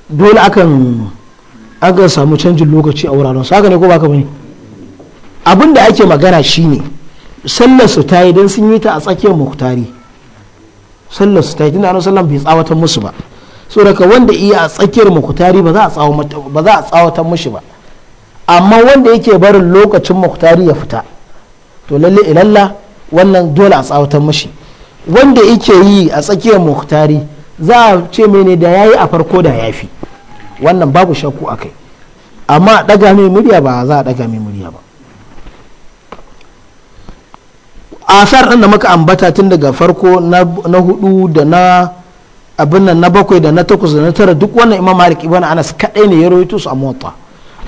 dole akan aka samu canjin lokaci a wuraren su haka ne ko baka bane abin da ake magana shine sallar su ta yi don sun yi ta a tsakiyar muktari sallar su ta yi tunda sallan bai tsawatar musu ba so daga wanda iya a tsakiyar muktari ba za a tsawatar mushi ba amma wanda yake barin lokacin muktari ya fita to lalle ilalla wannan dole a tsawatar mushi wanda yake yi a tsakiyar muktari za a ce mene da yayi a farko da yafi wannan babu shakku akai amma daga mai murya ba za a daga mai murya ba asar ɗin da muka ambata tun daga farko na hudu da na abin nan na bakwai da na takwas da na tara duk wannan imam malik ibn anas kadai ne ya rawaito su a mota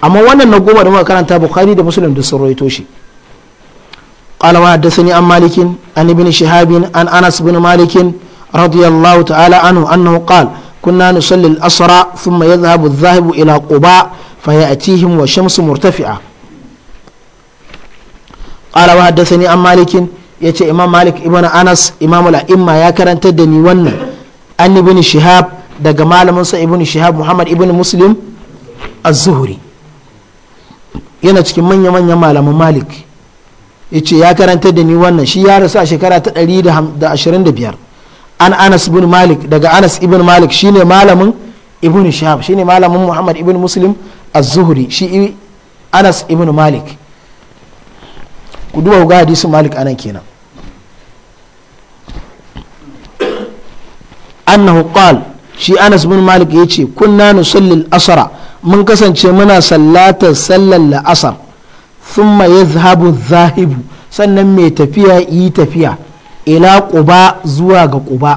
amma wannan na goma da muka karanta bukhari da muslim sun rawaito shi قال وحدثني عن مالك عن ابن شهاب عن انس بن مالك رضي الله تعالى عنه انه قال كنا نصلي الاسرى ثم يذهب الذاهب الى قباء فياتيهم والشمس مرتفعه قال وحدثني عن مالك ya ce imam malik ibn anas imam al'imma ya karantar da ni wannan an ibn shihab daga malaminsa ibn shihab muhammad ibn muslim az-zuhri yana cikin manya-manyan malamin malik ya ce ya karantar da ni wannan shi ya rasu a shekara ta 125 an anas ibn malik daga anas ibn malik shine malamin ibn shihab shine malamin muhammad ibn muslim az-zuhri shi anas ibn malik ku duba ga hadisin malik anan kenan annahu qal shi anas bin malik yace ce kunna nusalli asara mun kasance muna sallatar sallar la'asar thumma yazhabu zahibu sannan mai tafiya yi tafiya ila quba zuwa ga quba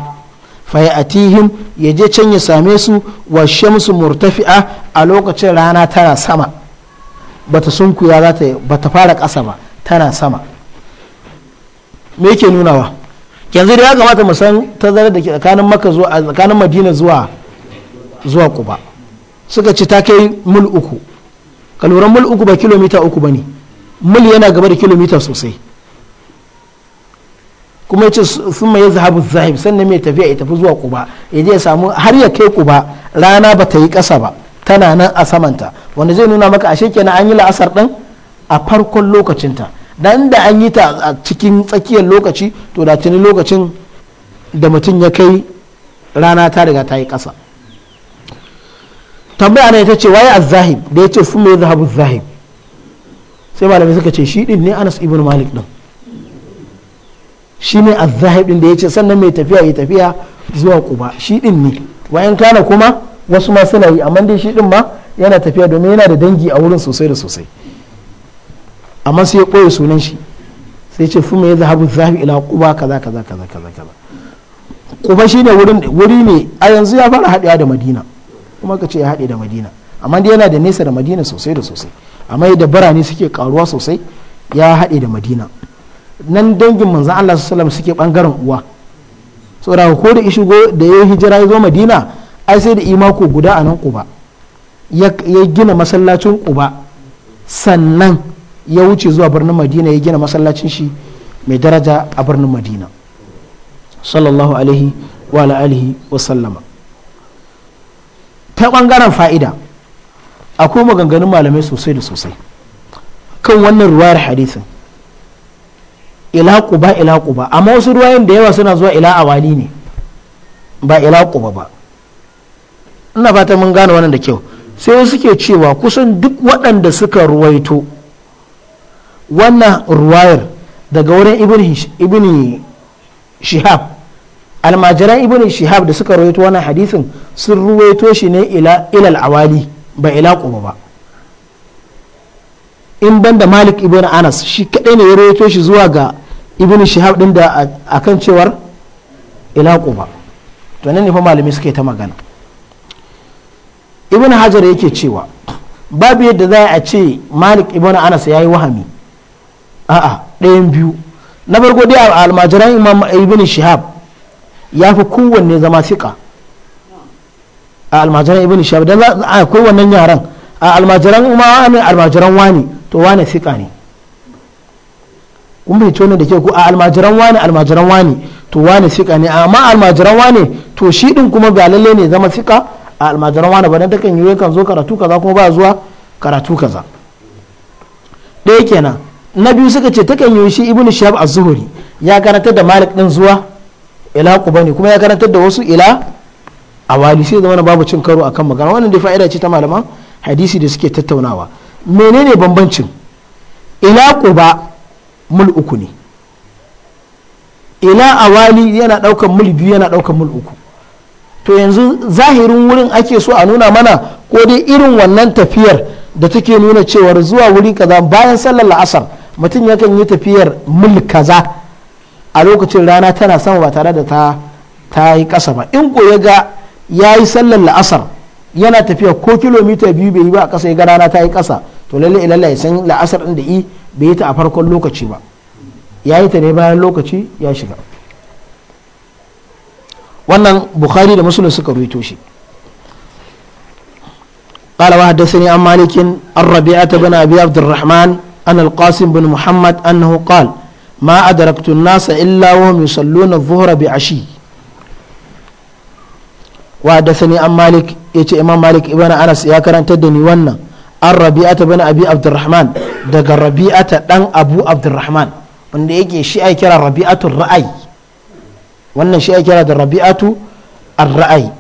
fayatihim ya je can ya same su wa shamsu murtafi'a a lokacin rana tana sama bata sunkuya za ta fara ƙasa ba tana sama me yake nunawa yanzu da ya kamata mu san tazarar da ke tsakanin maka zuwa tsakanin madina zuwa zuwa kuba suka ci ta kai mil uku ka lura mil uku ba kilomita uku ba ne mil yana gaba da kilomita sosai kuma ya ce sun mai zahabu zahib sannan mai tafiya ya tafi zuwa kuba ya je ya samu har ya kai kuba rana ba ta yi ƙasa ba tana nan a samanta wanda zai nuna maka ashe kenan an yi la'asar ɗin a farkon lokacinta dan da an yi ta a cikin tsakiyar lokaci to da tuni lokacin da mutum ya kai rana ta riga ta yi ƙasa tambaya na ita ce waye az-zahib da yace sun mai zahabu zahib sai malamai suka ce shi din ne Anas ibn Malik din shi ne az-zahib din da yace sannan mai tafiya ya tafiya zuwa Quba shi din ne wayan kana kuma wasu ma suna yi amma dai shi din ma yana tafiya domin yana da dangi a wurin sosai da sosai amma sai ya ɓoye sunan shi sai ce fuma ya zahabu zafi ila kuba kaza kaza kaza kaza kaza kuma shi ne wuri ne a yanzu ya fara haɗewa da madina kuma ka ce ya haɗe da madina amma dai yana da nesa da madina sosai da sosai amma yadda birane suke karuwa sosai ya haɗe da madina nan dangin manzan Allah sallam suke bangaren uwa saboda ko da ishigo da ya hijira ya zo madina ai sai da imako guda a nan kuba ya gina masallacin kuba sannan ya wuce zuwa birnin madina ya gina masallacin shi mai daraja a birnin madina sallallahu alaihi wa alihi wa sallama ta bangaren fa'ida akwai maganganun malamai sosai da sosai kan wannan ruwayar hadithin ila quba ila quba amma wasu ruwayoyin da yawa suna zuwa ila awali ne ba ila quba ba ina fata mun gane wannan da kyau sai suke cewa kusan duk waɗanda suka ruwaito wannan ruwayar daga wurin ibn shihab almajiran ibn shihab da suka rawaito wannan hadisin sun ruwaito shi ne ilal awali ba ila kuma ba in banda malik ibn anas shi kadai ne ya rawaito shi zuwa ga ibn shihab din da akan cewar ila kuma to nan ne fa malami suke ta magana ibn hajar yake cewa babu yadda za a ce malik ibn anas ya yi wahami a'a ɗayan biyu na farko dai a almajiran imam ibn shihab ya fi kowanne zama fiƙa a almajiran ibn shihab dan a kowannen yaran a almajiran umma ne almajiran wani to wani fiƙa ne kun bai tona da ke ku a almajiran wani almajiran wani to wani fiƙa ne amma almajiran wani to shi din kuma ba lalle ne zama fiƙa a almajiran wani ba dan takan yi kan zo karatu kaza kuma ba zuwa karatu kaza ɗaya kenan na biyu suka ce takan yi shi ibn shab az-zuhri ya karantar da malik din zuwa ila qubani kuma ya karantar da wasu ila awali sai zama babu cin karo akan magana wannan dai fa'ida ce ta malaman hadisi da suke tattaunawa menene bambancin ila quba mul uku ne ila awali yana daukan mul biyu yana daukan mul uku to yanzu zahirin wurin ake so a nuna mana ko dai irin wannan tafiyar da take nuna cewar zuwa wurin kaza bayan sallar la'asar mutum ya kan yi tafiyar mil kaza a lokacin rana tana sama ba tare da ta ta yi ƙasa ba in ko ya ga ya yi sallar la'asar yana tafiya ko kilomita biyu bai yi ba a ƙasa ya ga rana ta yi ƙasa to lalle ilalla ya san la'asar ɗin da yi bai yi ta a farkon lokaci ba ya yi ta ne bayan lokaci ya shiga wannan bukhari da musulun suka rubuto shi قال وحدثني عن مالك الربيعة بن أبي عبد الرحمن أن القاسم بن محمد أنه قال ما أدركت الناس إلا وهم يصلون الظهر بعشي وحدثني عن مالك يتي إمام مالك ابن أنس يا كران تدني ونا الربيعة بن أبي عبد الرحمن دق الربيعة دن أبو عبد الرحمن wanda yake shi ai kira rabi'atul ra'ayi wannan shi ai kira da rabi'atu ar-ra'ayi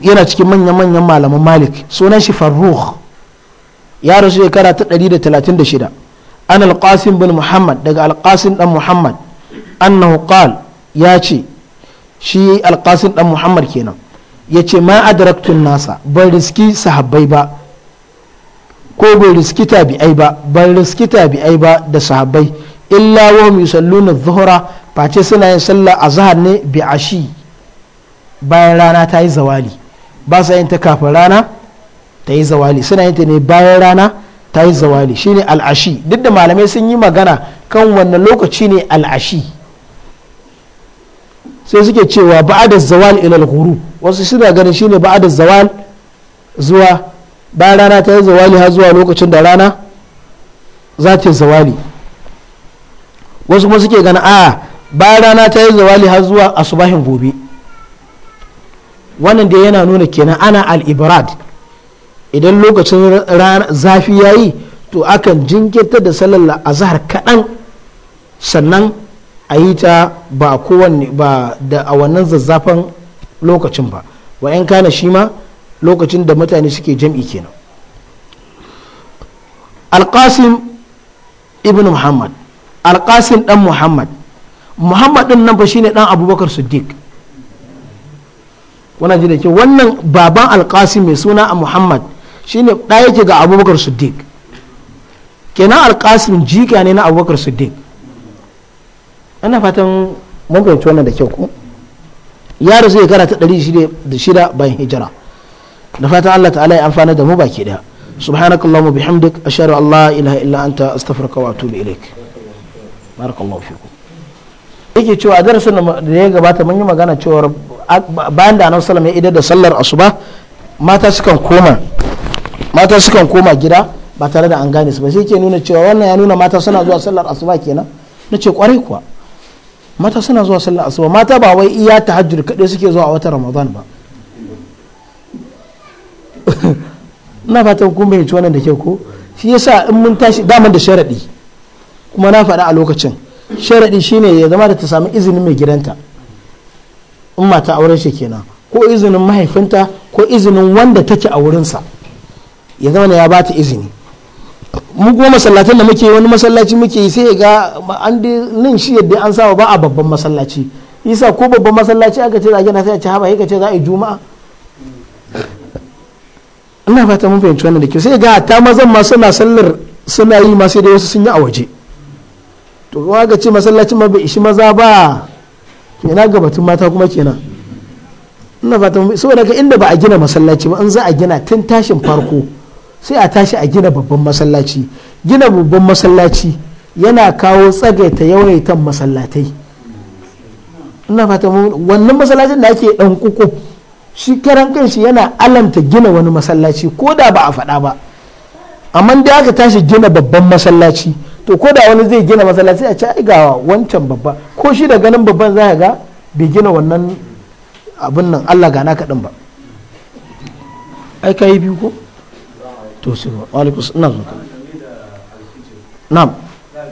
yana cikin manya-manyan malaman malik sunan shi farruh ya rasu shekara ta 136 an alqasim bin muhammad daga alqasim ɗan muhammad annahu qal ya ce shi alqasim dan muhammad kenan ya ce ma adraktun nasa ban riski sahabbai ba ko ban riski tabi'ai ba ban riski tabi'ai ba da sahabbai illa wa yusalluna dhuhra face suna yin sallah zahar ne bi ashi bayan rana ta yi zawali ba sa yin ta kafin rana ta yi zawali suna yin ta ne bayan rana ta yi zawali shine al'ashi duk da malamai sun yi magana kan wannan lokaci ne al'ashi sai suke cewa ba'ada zawal ila al wasu suna ganin shine ba'ada zawal zuwa bayan rana ta yi zawali har zuwa lokacin da rana za ta yi zawali wasu kuma suke ganin a bayan rana ta yi zawali har zuwa asubahin gobe wannan da yana nuna kenan ana al'ibrad idan lokacin zafi ya yi to akan jinkirta da a zahar kaɗan sannan a yi ta ba da a wannan zazzafan lokacin ba wa 'yan kana shi ma lokacin da mutane suke jam'i kenan alƙasim ibn muhammad alƙasim ɗan muhammad muhammad ɗin nan ba shine ɗan abubakar siddiq wannan ji da ke wannan baban alkasim mai suna a muhammad shine ɗaya ke ga abubakar siddiq kenan alkasim jika ne na abubakar siddiq ana fatan mun fahimci wannan da kyau ko ya rasu kara ta ɗari da shida bayan hijira da fatan allah ta'ala ya amfana da mu baki ɗaya سبحانك اللهم وبحمدك أشهد أن لا إله إلا أنت أستغفرك وأتوب إليك بارك الله فيكم yake cewa a darasin da ya gabata mun yi magana cewa bayan da annabi sallallahu ya idar da sallar asuba mata sukan koma mata sukan koma gida ba tare da an gane su ba sai ke nuna cewa wannan ya nuna mata suna zuwa sallar asuba kenan na ce kwarai kuwa mata suna zuwa sallar asuba mata ba wai iya tahajjud kaɗai suke zuwa a watan ramadan ba na fatan kun ci wannan da ke ko shi yasa in mun tashi daman da sharaɗi kuma na faɗa a lokacin sharaɗi shine ya zama da ta sami izinin mai gidanta in mata auren shi kenan ko izinin mahaifinta ko izinin wanda take a wurinsa ya zama da ya ba ta izini mu kuma masallatan da muke wani masallaci muke sai ga an nan shi yadda an saba ba a babban masallaci isa ko babban masallaci aka ce za a gina sai a ci haba ka ce za a yi juma'a ina fata mun fahimci wannan da kyau sai ga ta mazan ma suna sallar suna yi ma sai da wasu sun yi a waje to kuma ga ce masallacin ma bai ishi maza ba kenan ga batun mata kuma kenan ina fata saboda ka inda ba a gina masallaci ba in za a gina tun tashin farko sai a tashi a gina babban masallaci gina babban masallaci yana kawo tsagaita yawaitan masallatai ina fata wannan masallacin da ake dan kuku shi karan kanshi yana alamta gina wani masallaci ko da ba a faɗa ba amma da aka tashi gina babban masallaci to ko da wani zai gina masallaci a ce ai ga wancan babba ko shi da ganin babban za ga bai gina wannan abin nan Allah ga naka din ba ai kai biyu ko to su ba alaikum ina zo ka na'am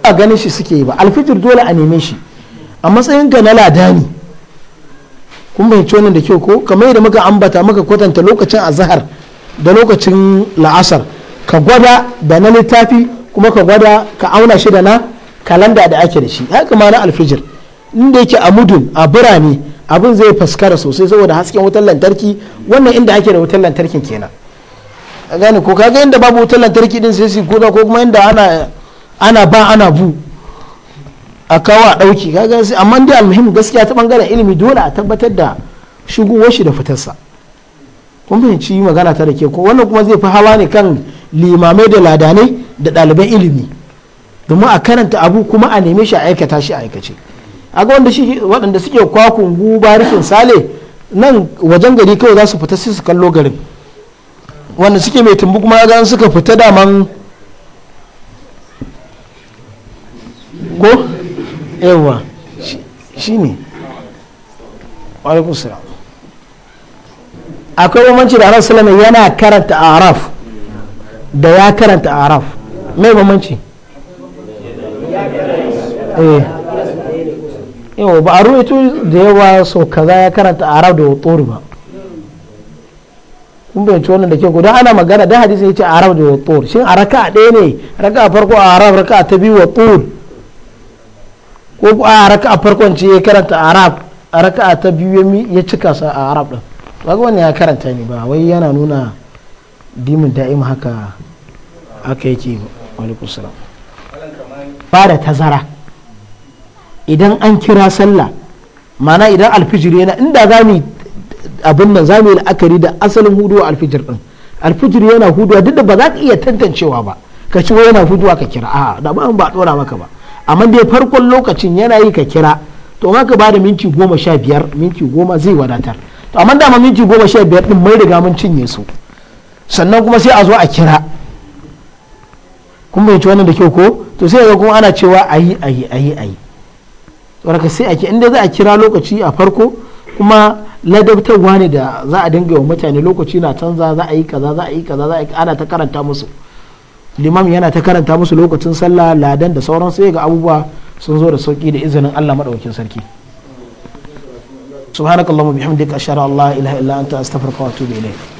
a ganin shi suke yi ba alfijir dole a neme shi a matsayin ka na ladani kun bai wani da kyau ko kamar yadda muka ambata muka kwatanta lokacin azhar da lokacin la'asar ka gwada da na littafi kuma ka gwada ka auna shi da na kalanda da ake da shi haka ma na alfijir inda yake a mudun a birane abin zai faskara sosai saboda hasken wutar lantarki wannan inda ake da wutar lantarkin kenan a gane ko kaga inda babu wutar lantarki din sai su kuda ko kuma inda ana ba ana bu a kawo a ɗauki kaga sai amma dai almuhim gaskiya ta bangaren ilimi dole a tabbatar da shigowar shi da fitarsa kun fahimci magana ta da ke ko wannan kuma zai fi hawa ne kan limamai da ladanai da ɗaliban ilimi domin a karanta abu kuma a neme shi a aikata shi a aikace aga wanda shi waɗanda suke kwakun rikin sale nan wajen gari kawai za su fita sai su kallo garin wanda suke mai tumbu kuma ga suka fita daman ko yawa shi ne akwai bambanci da araf salama yana karanta araf da ya karanta araf mai bambanci eh. yawa ba a ruwaitu da yawa sau kaza ya karanta arab da tsori ba kun bayanci wannan da ke guda ana magana da hadisi ya ce arab da tsori shin a raka ɗaya ne raka a farko a arab raka ta biyu wutsori ko a raka a farkon ce ya karanta arab a raka ta biyu ya cika sa a arab ɗin ba wannan ya karanta ne ba wai yana nuna dimin da'im haka aka yake ba salam ba da tazara idan an kira sallah mana idan alfijir yana inda za mu abin nan za mu yi la'akari da asalin huduwa alfijir din alfijir yana huduwa duk da ba za ka iya tantancewa ba ka ci yana huduwa ka kira a da ba ba dora maka ba amma dai farkon lokacin yana yi ka kira to ma ka bada minti goma sha biyar minti goma zai wadatar to amma dama minti goma sha biyar din mai riga mun cinye su sannan kuma sai a zo a kira kun bai wannan da kyau ko to sai ga kuma ana cewa ayi ayi ayi ayi saboda sai ake inda za a kira lokaci a farko kuma ladabtarwa ne da za a dinga wa mutane lokaci na canza za a yi kaza za a yi kaza za a yi ana ta karanta musu limam yana ta karanta musu lokacin sallah ladan da sauran sai ga abubuwa sun zo da sauki da izinin Allah madaukakin sarki subhanakallahumma bihamdika ashhadu an la ilaha illa anta astaghfiruka wa atubu ilayk